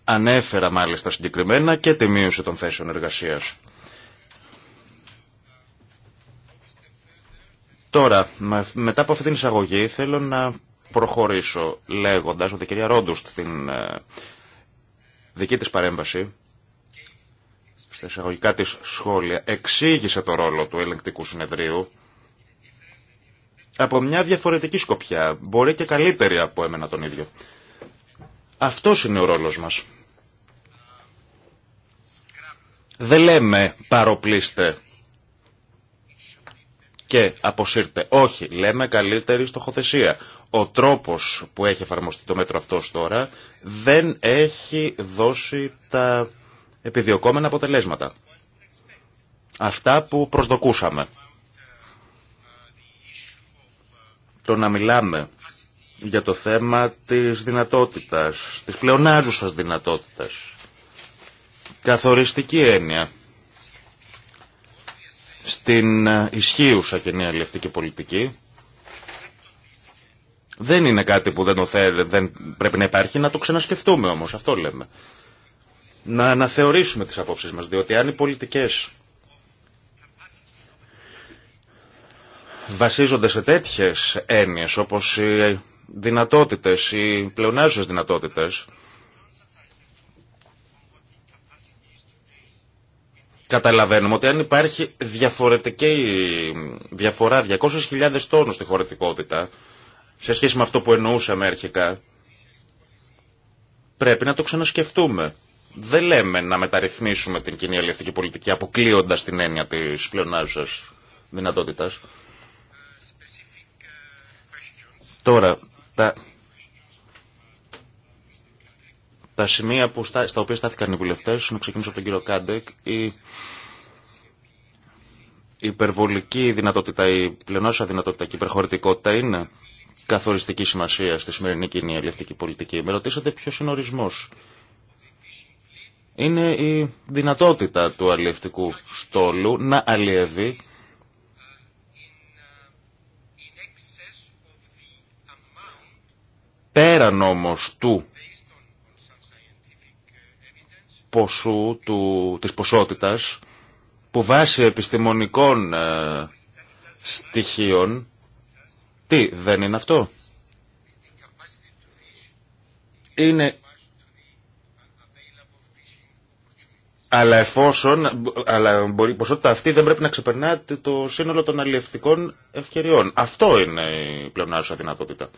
Ανέφερα μάλιστα συγκεκριμένα και τη μείωση των θέσεων εργασίας. Τώρα, μετά από αυτή την εισαγωγή θέλω να προχωρήσω λέγοντας ότι η κυρία Ρόντουστ την ε, δική της παρέμβαση στα εισαγωγικά της σχόλια εξήγησε το ρόλο του ελεγκτικού συνεδρίου από μια διαφορετική σκοπιά, μπορεί και καλύτερη από εμένα τον ίδιο. Αυτός είναι ο ρόλος μας. Δεν λέμε παροπλίστε και αποσύρτε. Όχι, λέμε καλύτερη στοχοθεσία. Ο τρόπος που έχει εφαρμοστεί το μέτρο αυτό τώρα δεν έχει δώσει τα επιδιωκόμενα αποτελέσματα. Αυτά που προσδοκούσαμε. Το να μιλάμε για το θέμα της δυνατότητας, της πλεονάζουσας δυνατότητας. Καθοριστική έννοια στην ε, ισχύουσα κοινή λευτική πολιτική. Δεν είναι κάτι που δεν, δεν πρέπει να υπάρχει, να το ξανασκεφτούμε όμως, αυτό λέμε. Να αναθεωρήσουμε τις απόψεις μας, διότι αν οι πολιτικές βασίζονται σε τέτοιες έννοιες όπως οι δυνατότητες, οι πλεονάζουσες δυνατότητες, Καταλαβαίνουμε ότι αν υπάρχει διαφορετική διαφορά 200.000 τόνους στη χωρητικότητα σε σχέση με αυτό που εννοούσαμε αρχικά, πρέπει να το ξανασκεφτούμε. Δεν λέμε να μεταρρυθμίσουμε την κοινή αλληλευτική πολιτική αποκλείοντα την έννοια τη πλεονάζουσα δυνατότητα. Τώρα, τα Τα σημεία που, στα, στα οποία στάθηκαν οι βουλευτέ, να ξεκινήσω από τον κύριο Κάντεκ, η υπερβολική δυνατότητα, η πλενόσα δυνατότητα και η υπερχωρητικότητα είναι καθοριστική σημασία στη σημερινή κοινή αλληλευτική πολιτική. Με ρωτήσατε ποιο είναι ο ορισμό. Είναι η δυνατότητα του αλληλευτικού στόλου να αλλιεύει πέραν όμως του ποσού, του, της ποσότητας, που βάσει επιστημονικών ε, στοιχείων, τι δεν είναι αυτό. Είναι Αλλά εφόσον, αλλά μπορεί, η ποσότητα αυτή δεν πρέπει να ξεπερνά το σύνολο των αλλιευτικών ευκαιριών. Αυτό είναι η πλεονάζουσα δυνατότητα.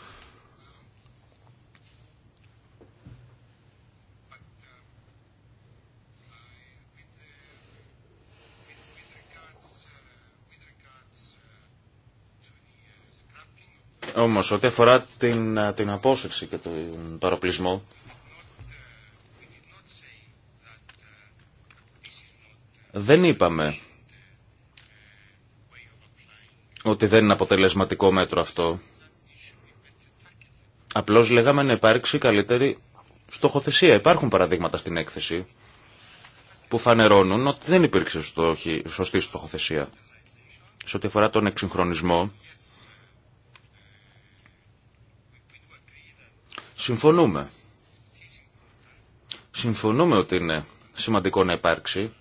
Όμως, ό,τι αφορά την, την απόσυρση και τον παροπλισμό, δεν είπαμε ότι δεν είναι αποτελεσματικό μέτρο αυτό. Απλώς λέγαμε να υπάρξει καλύτερη στοχοθεσία. Υπάρχουν παραδείγματα στην έκθεση που φανερώνουν ότι δεν υπήρξε στόχη, σωστή στοχοθεσία. Σε ό,τι αφορά τον εξυγχρονισμό, Συμφωνούμε. Συμφωνούμε ότι είναι σημαντικό να υπάρξει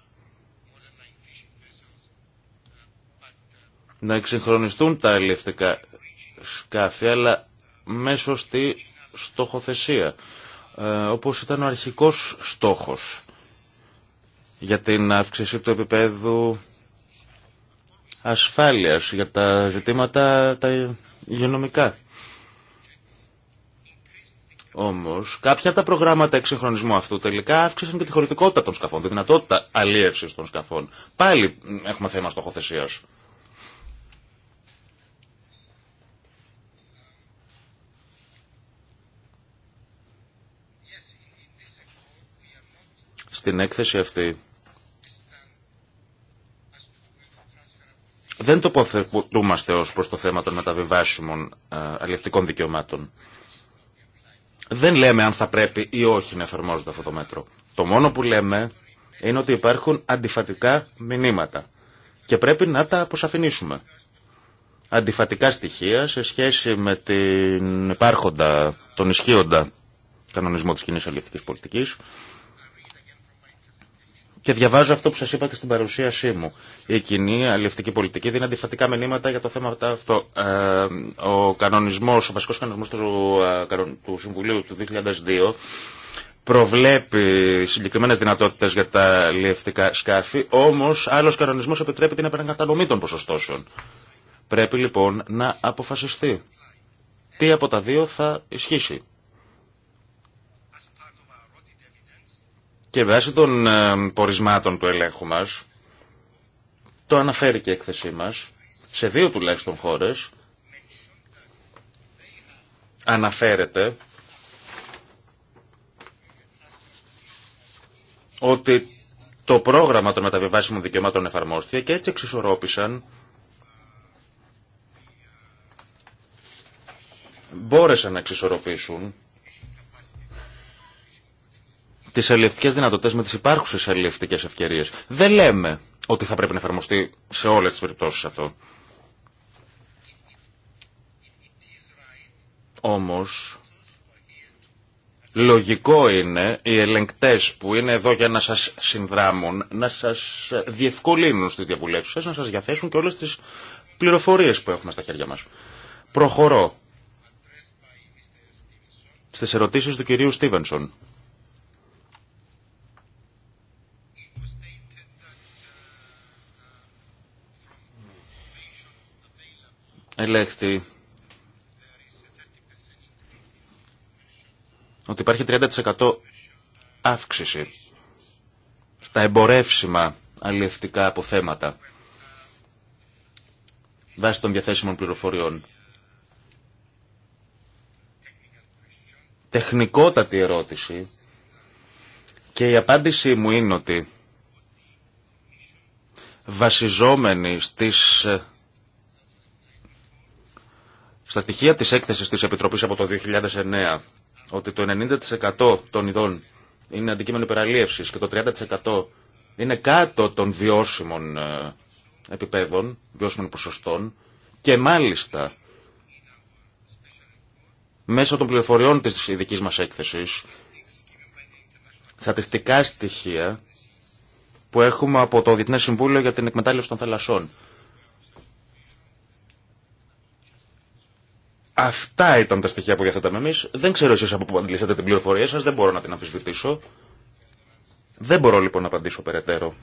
να εξυγχρονιστούν τα ελληνικά σκάφη, αλλά μέσω στη στόχοθεσία, ε, όπως ήταν ο αρχικός στόχος για την αύξηση του επίπεδου ασφάλειας, για τα ζητήματα τα υγειονομικά. Όμω, κάποια από τα προγράμματα εξυγχρονισμού αυτού τελικά αύξησαν και τη χωρητικότητα των σκαφών, τη δυνατότητα αλίευση των σκαφών. Πάλι έχουμε θέμα στοχοθεσία. Στην έκθεση αυτή δεν τοποθετούμαστε ως προς το θέμα των μεταβιβάσιμων ε, αλληλευτικών δικαιωμάτων. Δεν λέμε αν θα πρέπει ή όχι να εφαρμόζεται αυτό το μέτρο. Το μόνο που λέμε είναι ότι υπάρχουν αντιφατικά μηνύματα και πρέπει να τα αποσαφηνίσουμε. Αντιφατικά στοιχεία σε σχέση με την υπάρχοντα, τον ισχύοντα κανονισμό της κοινή αλληλευτικής πολιτικής και διαβάζω αυτό που σας είπα και στην παρουσίασή μου. Η κοινή αλληλευτική πολιτική δίνει αντιφατικά μηνύματα για το θέμα αυτό. Ε, ο κανονισμός, ο βασικός κανονισμός του, ε, του Συμβουλίου του 2002 προβλέπει συγκεκριμένε δυνατότητε για τα λιευτικά σκάφη, όμω άλλο κανονισμό επιτρέπει την επανακατανομή των ποσοστώσεων. Πρέπει λοιπόν να αποφασιστεί τι από τα δύο θα ισχύσει. Και βάσει των ε, πορισμάτων του ελέγχου μας, το αναφέρει και η έκθεσή μας, σε δύο τουλάχιστον χώρες αναφέρεται ότι το πρόγραμμα των μεταβιβάσιμων δικαιωμάτων εφαρμόστηκε και έτσι εξισορρόπησαν μπόρεσαν να εξισορροπήσουν τι αλληλευτικέ δυνατότητε με τις υπάρχουσες αλληλευτικέ ευκαιρίε. Δεν λέμε ότι θα πρέπει να εφαρμοστεί σε όλες τις περιπτώσεις αυτό. Όμω, λογικό είναι οι ελεγκτές που είναι εδώ για να σας συνδράμουν, να σας διευκολύνουν στις διαβουλεύσεις σα, να σας διαθέσουν και όλες τις πληροφορίες που έχουμε στα χέρια μα. Προχωρώ στις ερωτήσεις του κυρίου Στίβενσον. ελέγχθη ότι υπάρχει 30% αύξηση στα εμπορεύσιμα αλληλευτικά αποθέματα βάσει των διαθέσιμων πληροφοριών. Τεχνικότατη ερώτηση και η απάντησή μου είναι ότι βασιζόμενοι στις στα στοιχεία της έκθεσης της Επιτροπής από το 2009, ότι το 90% των ειδών είναι αντικείμενο υπεραλίευσης και το 30% είναι κάτω των βιώσιμων ε, επιπέδων, βιώσιμων ποσοστών και μάλιστα μέσω των πληροφοριών της ειδική μας έκθεσης, στατιστικά στοιχεία που έχουμε από το Διεθνές Συμβούλιο για την Εκμετάλλευση των Θαλασσών. Αυτά ήταν τα στοιχεία που διαθέταμε εμεί. Δεν ξέρω εσεί από πού αντιλήσατε την πληροφορία σα, δεν μπορώ να την αμφισβητήσω. Δεν μπορώ λοιπόν να απαντήσω περαιτέρω.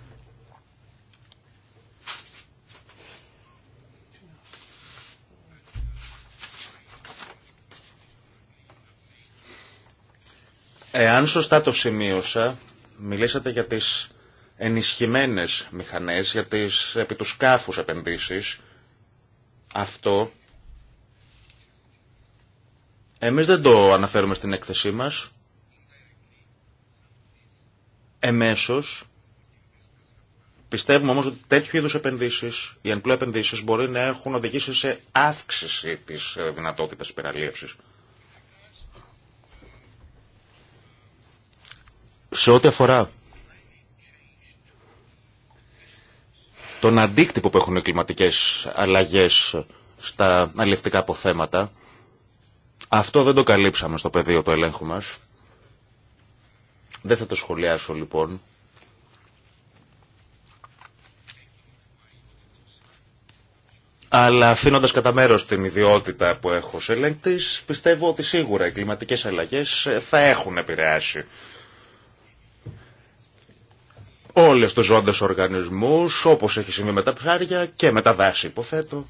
Εάν σωστά το σημείωσα, μιλήσατε για τις ενισχυμένες μηχανές, για τις επί του σκάφους επενδύσεις. Αυτό εμείς δεν το αναφέρουμε στην έκθεσή μας. Εμέσως, πιστεύουμε όμως ότι τέτοιου είδους επενδύσεις, οι ανπλού επενδύσεις, μπορεί να έχουν οδηγήσει σε αύξηση της δυνατότητας υπεραλίευσης. Σε ό,τι αφορά τον αντίκτυπο που έχουν οι κλιματικές αλλαγές στα αλληλευτικά αποθέματα, αυτό δεν το καλύψαμε στο πεδίο του ελέγχου μας. Δεν θα το σχολιάσω λοιπόν. Αλλά αφήνοντας κατά μέρος την ιδιότητα που έχω σε πιστεύω ότι σίγουρα οι κλιματικές αλλαγές θα έχουν επηρεάσει όλες τους ζώντες οργανισμούς, όπως έχει συμβεί με τα ψάρια και με τα δάση υποθέτω.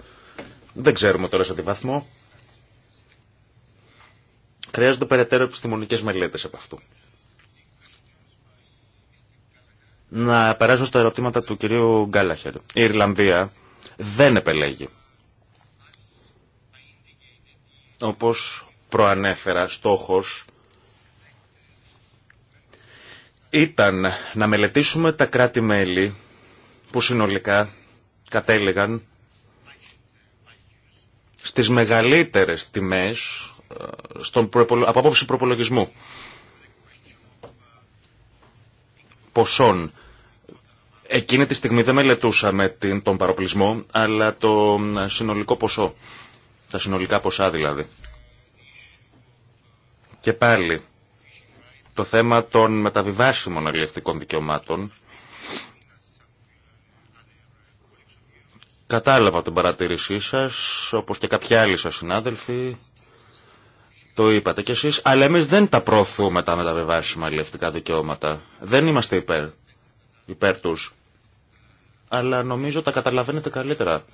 Δεν ξέρουμε τώρα σε τι βαθμό. Χρειάζονται περαιτέρω επιστημονικές μελέτες από αυτού. Να περάσω στα ερωτήματα του κυρίου Γκάλαχερ. Η Ιρλανδία δεν επελέγει. Όπως προανέφερα, στόχος ήταν να μελετήσουμε τα κράτη-μέλη που συνολικά κατέληγαν στις μεγαλύτερες τιμές στον από απόψη προπολογισμού ποσών. Εκείνη τη στιγμή δεν μελετούσαμε την, τον παροπλισμό, αλλά το ε, συνολικό ποσό. Τα συνολικά ποσά δηλαδή. Και πάλι, το θέμα των μεταβιβάσιμων αλληλευτικών δικαιωμάτων, Κατάλαβα την παρατήρησή σας, όπως και κάποιοι άλλοι σας συνάδελφοι, το είπατε κι εσείς, αλλά εμείς δεν τα προωθούμε τα μεταβεβάσιμα αλληλευτικά δικαιώματα. Δεν είμαστε υπέρ, υπέρ τους. Αλλά νομίζω τα καταλαβαίνετε καλύτερα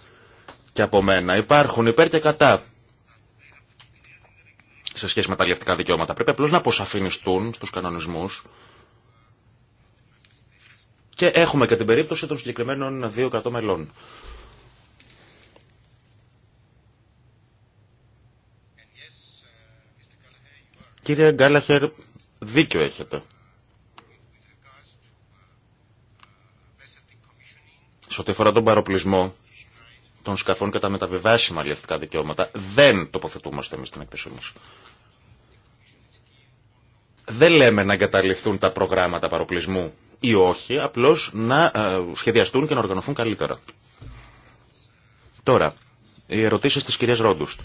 και από μένα. Υπάρχουν υπέρ και κατά σε σχέση με τα αλληλευτικά δικαιώματα. Πρέπει απλώς να αποσαφινιστούν στους κανονισμούς. Και έχουμε και την περίπτωση των συγκεκριμένων δύο κρατών μελών. Κύριε Γκάλαχερ, δίκιο έχετε. Σε ό,τι αφορά τον παροπλισμό των σκαφών και τα μεταβιβάσιμα αλληλευτικά δικαιώματα, δεν τοποθετούμαστε εμείς στην εκθεσή Δεν λέμε να εγκαταλειφθούν τα προγράμματα παροπλισμού ή όχι, απλώς να ε, σχεδιαστούν και να οργανωθούν καλύτερα. Τώρα, οι ερωτήσεις της κυρίας Ρόντουστ.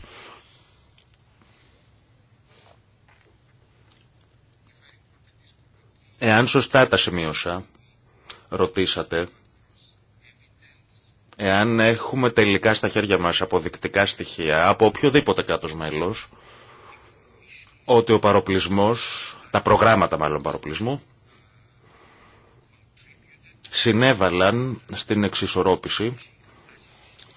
Εάν σωστά τα σημείωσα, ρωτήσατε, εάν έχουμε τελικά στα χέρια μας αποδεικτικά στοιχεία από οποιοδήποτε κράτος μέλος, ότι ο παροπλισμός, τα προγράμματα μάλλον παροπλισμού, συνέβαλαν στην εξισορρόπηση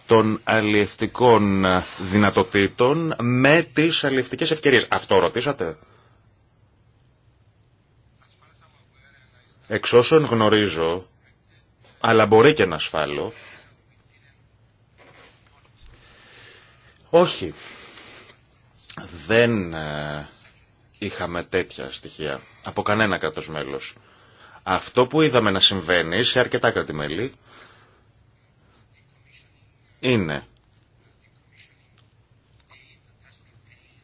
των αλλιευτικών δυνατοτήτων με τις αλλιευτικές ευκαιρίες. Αυτό ρωτήσατε. Εξ όσων γνωρίζω, αλλά μπορεί και να ασφάλω, όχι, δεν ε, είχαμε τέτοια στοιχεία από κανένα κράτος μέλος. Αυτό που είδαμε να συμβαίνει σε αρκετά είναι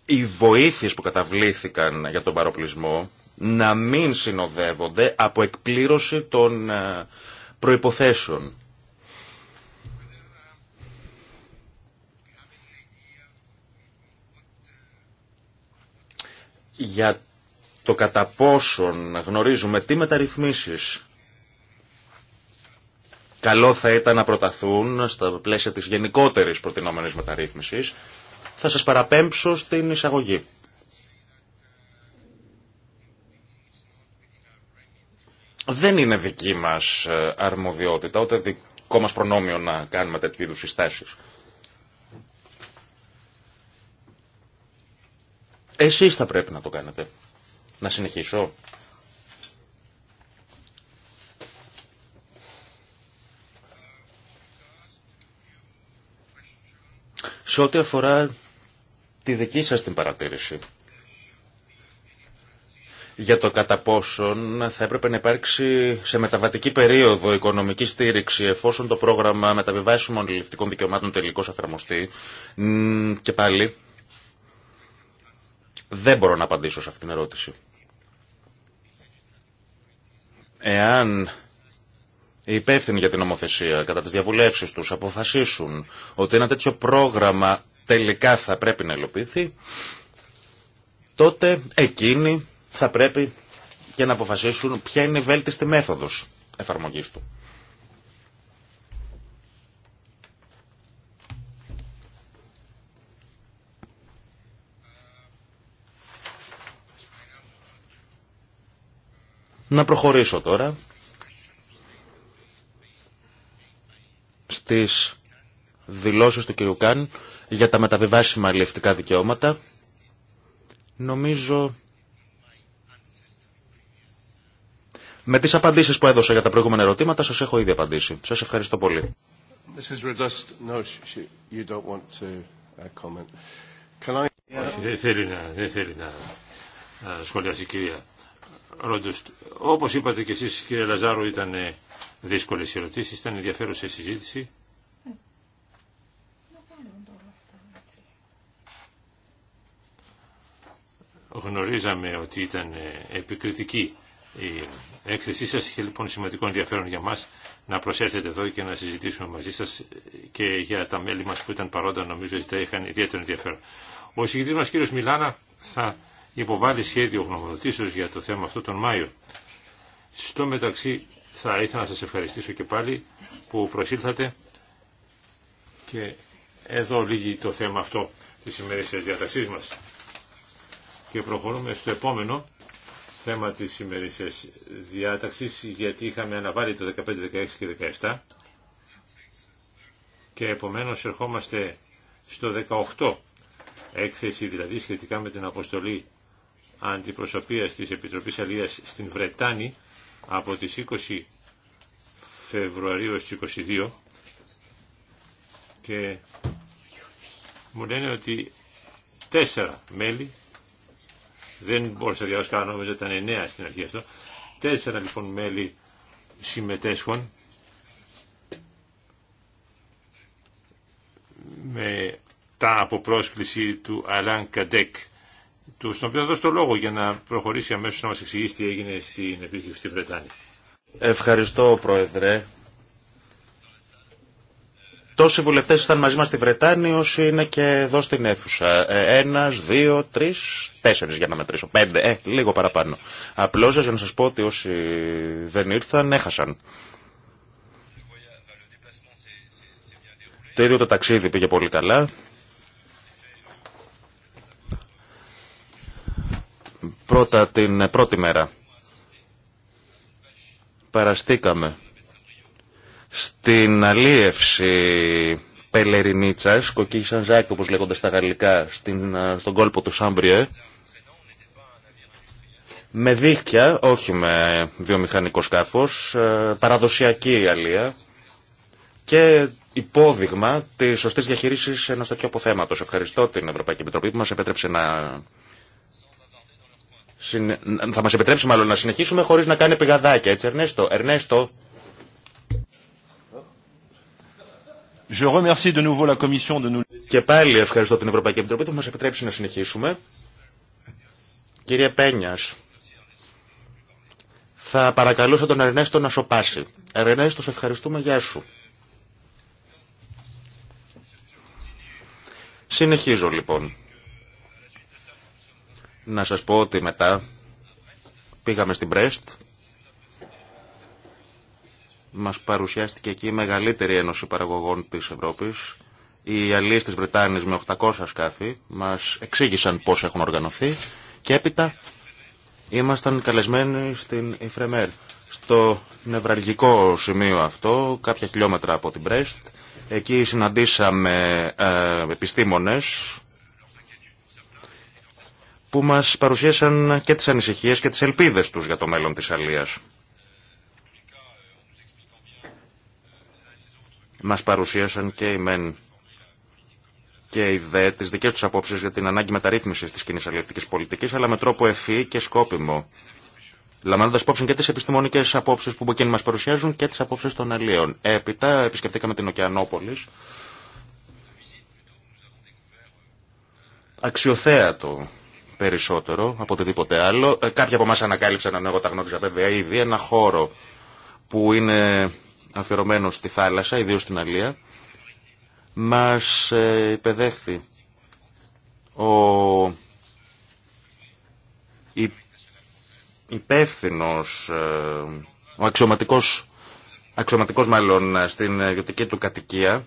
οι βοήθειες που καταβλήθηκαν για τον παροπλισμό να μην συνοδεύονται από εκπλήρωση των ε, προϋποθέσεων. Για το κατά πόσον γνωρίζουμε τι μεταρρυθμίσεις καλό θα ήταν να προταθούν στα πλαίσια της γενικότερης προτινόμενης μεταρρύθμισης, θα σας παραπέμψω στην εισαγωγή. δεν είναι δική μας ε, αρμοδιότητα, ούτε δικό μας προνόμιο να κάνουμε τέτοιου είδους συστάσεις. Εσείς θα πρέπει να το κάνετε. Να συνεχίσω. Σε ό,τι αφορά τη δική σας την παρατήρηση για το κατά πόσον θα έπρεπε να υπάρξει σε μεταβατική περίοδο οικονομική στήριξη εφόσον το πρόγραμμα μεταβιβάσιμων ληφτικών δικαιωμάτων τελικώς εφαρμοστεί και πάλι δεν μπορώ να απαντήσω σε αυτήν την ερώτηση. Εάν οι υπεύθυνοι για την νομοθεσία κατά τις διαβουλεύσεις τους αποφασίσουν ότι ένα τέτοιο πρόγραμμα τελικά θα πρέπει να υλοποιηθεί, τότε εκείνοι θα πρέπει και να αποφασίσουν ποια είναι η βέλτιστη μέθοδος εφαρμογής του. Να προχωρήσω τώρα στις δηλώσεις του κ. Καν για τα μεταβιβάσιμα αλληλευτικά δικαιώματα. Νομίζω Με τις απαντήσεις που έδωσα για τα προηγούμενα ερωτήματα σας έχω ήδη απαντήσει. Σας ευχαριστώ πολύ. Δεν uh, θέλει να, δεν η κυρία Ρόντουστ. Όπως είπατε και εσείς κύριε Λαζάρου ήταν ε, δύσκολες οι ερωτήσεις, ήταν ενδιαφέρουσα η συζήτηση. γνωρίζαμε ότι ήταν ε, επικριτική η έκθεσή σας είχε λοιπόν σημαντικό ενδιαφέρον για μας να προσέρθετε εδώ και να συζητήσουμε μαζί σας και για τα μέλη μας που ήταν παρόντα νομίζω ότι τα είχαν ιδιαίτερο ενδιαφέρον. Ο συγκεκριτής μας κύριος Μιλάνα θα υποβάλει σχέδιο γνωμοδοτήσεως για το θέμα αυτό τον Μάιο. Στο μεταξύ θα ήθελα να σας ευχαριστήσω και πάλι που προσήλθατε και εδώ λύγει το θέμα αυτό της τη διαταξής μας. Και προχωρούμε στο επόμενο θέμα της σημερινής διάταξης γιατί είχαμε αναβάλει το 15, 16 και 17 και επομένως ερχόμαστε στο 18 έκθεση δηλαδή σχετικά με την αποστολή αντιπροσωπείας της Επιτροπής Αλίας στην Βρετάνη από τις 20 Φεβρουαρίου έως 22 και μου λένε ότι τέσσερα μέλη δεν μπορούσα να διαβάσω καλά, νόμιζα ήταν εννέα στην αρχή αυτό. Τέσσερα λοιπόν μέλη συμμετέσχων με τα από πρόσκληση του Αλάν Καντέκ του στον οποίο θα δώσω το λόγο για να προχωρήσει αμέσως να μας εξηγήσει τι έγινε στην επίσκεψη στη Βρετάνη. Ευχαριστώ Πρόεδρε. Τόσοι βουλευτέ ήταν μαζί μα στη Βρετάνη, όσοι είναι και εδώ στην αίθουσα. Ε, Ένα, δύο, τρει, τέσσερι για να μετρήσω. Πέντε, ε, λίγο παραπάνω. Απλώ για να σα πω ότι όσοι δεν ήρθαν, έχασαν. Το ίδιο το ταξίδι πήγε πολύ καλά. Πρώτα την πρώτη μέρα. Παραστήκαμε στην αλίευση πελερινίτσας, σαν ζάκι όπως λέγονται στα γαλλικά, στην, στον κόλπο του Σάμπριε, με δίχτυα, όχι με βιομηχανικό σκάφος, ε, παραδοσιακή αλία και υπόδειγμα τη σωστή διαχείριση ενό τέτοιου αποθέματο. Ευχαριστώ την Ευρωπαϊκή Επιτροπή που μα επέτρεψε να. Θα μας επιτρέψει μάλλον να συνεχίσουμε χωρί να κάνει πηγαδάκια. Έτσι, Ερνέστο. Ερνέστο. Και πάλι ευχαριστώ την Ευρωπαϊκή Επιτροπή που μας επιτρέψει να συνεχίσουμε. Κύριε Πένιας, θα παρακαλούσα τον Ερνέστο να σοπάσει. Ερνέστο, σε ευχαριστούμε. Γεια σου. Συνεχίζω λοιπόν. Να σας πω ότι μετά πήγαμε στην Πρέστ μας παρουσιάστηκε εκεί η μεγαλύτερη ένωση παραγωγών της Ευρώπης. Οι αλλοί της Βρετάνης με 800 σκάφη μας εξήγησαν πώς έχουν οργανωθεί και έπειτα ήμασταν καλεσμένοι στην Ιφρεμέρ. Στο νευραλγικό σημείο αυτό, κάποια χιλιόμετρα από την Πρέστ, εκεί συναντήσαμε ε, επιστήμονες που μας παρουσίασαν και τις ανησυχίες και τις ελπίδες τους για το μέλλον της Αλίας. Μας παρουσίασαν και οι μεν και οι δε τις δικές τους απόψεις για την ανάγκη μεταρρύθμισης της κοινής αλληλευτικής πολιτικής, αλλά με τρόπο ευφύ και σκόπιμο. Λαμβάνοντα υπόψη και τι επιστημονικέ απόψει που εκείνοι μα παρουσιάζουν και τι απόψει των αλλιών. Έπειτα επισκεφτήκαμε την Οκεανόπολη. Αξιοθέατο περισσότερο από οτιδήποτε άλλο. Ε, κάποιοι από εμά ανακάλυψαν, αν εγώ τα γνώριζα βέβαια ήδη, ένα χώρο που είναι αφιερωμένο στη θάλασσα, ιδίως στην Αλία, μας ε, υπεδέχθη ο υπεύθυνο, ε, ο αξιωματικός, αξιωματικός μάλλον στην ιδιωτική του κατοικία,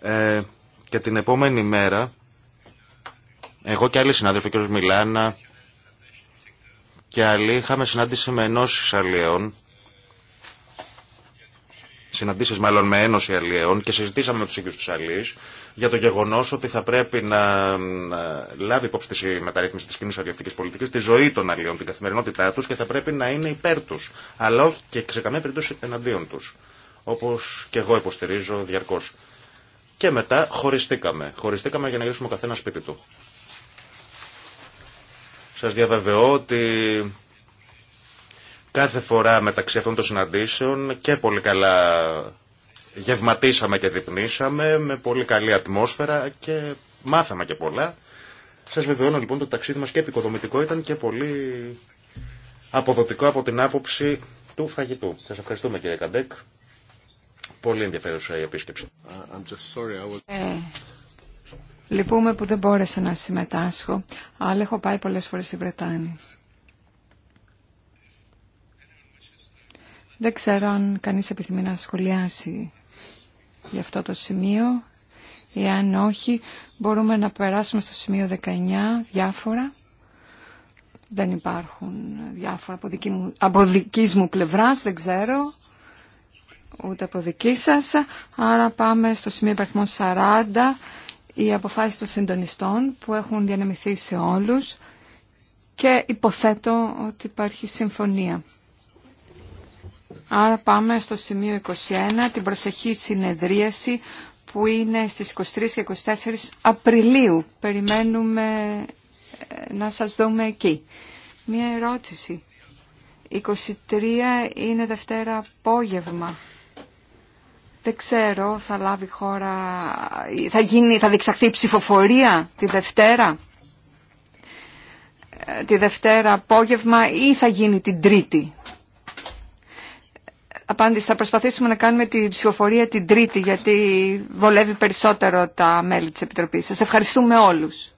ε, και την επόμενη μέρα εγώ και άλλοι συνάδελφοι, ο κ. Μιλάνα, και άλλοι είχαμε συνάντηση με ενώσει αλλιέων, συναντήσεις μάλλον με ένωση αλλιέων και συζητήσαμε με τους ίδιους τους αλλιείς για το γεγονός ότι θα πρέπει να λάβει υπόψη τη μεταρρύθμιση της κοινής αλλιευτικής πολιτικής τη ζωή των αλλιών, την καθημερινότητά του και θα πρέπει να είναι υπέρ τους, αλλά και σε καμία περίπτωση εναντίον τους, όπως και εγώ υποστηρίζω διαρκώς. Και μετά χωριστήκαμε. Χωριστήκαμε για να γυρίσουμε ο καθένα σπίτι του. Σας διαβεβαιώ ότι κάθε φορά μεταξύ αυτών των συναντήσεων και πολύ καλά γευματίσαμε και διπνήσαμε με πολύ καλή ατμόσφαιρα και μάθαμε και πολλά. Σας βεβαιώνω λοιπόν το ταξίδι μας και επικοδομητικό ήταν και πολύ αποδοτικό από την άποψη του φαγητού. Σας ευχαριστούμε κύριε Καντέκ. Πολύ ενδιαφέρουσα η επίσκεψη. Uh, ε, Λυπούμε που δεν μπόρεσα να συμμετάσχω, αλλά έχω πάει πολλές φορές στη Βρετάνη. Δεν ξέρω αν κανείς επιθυμεί να σχολιάσει για αυτό το σημείο. ή αν όχι, μπορούμε να περάσουμε στο σημείο 19, διάφορα. Δεν υπάρχουν διάφορα από δική μου, από μου πλευράς, δεν ξέρω, ούτε από δική σας. Άρα πάμε στο σημείο υπερθμό 40, οι αποφάσεις των συντονιστών που έχουν διανεμηθεί σε όλους και υποθέτω ότι υπάρχει συμφωνία. Άρα πάμε στο σημείο 21, την προσεχή συνεδρίαση που είναι στις 23 και 24 Απριλίου. Περιμένουμε ε, να σας δούμε εκεί. Μία ερώτηση. 23 είναι Δευτέρα απόγευμα. Δεν ξέρω, θα λάβει χώρα, θα, γίνει, θα διεξαχθεί ψηφοφορία τη Δευτέρα, ε, τη Δευτέρα απόγευμα ή θα γίνει την Τρίτη. Απάντηση, θα προσπαθήσουμε να κάνουμε τη ψηφοφορία την Τρίτη γιατί βολεύει περισσότερο τα μέλη της Επιτροπής. Σας ευχαριστούμε όλους.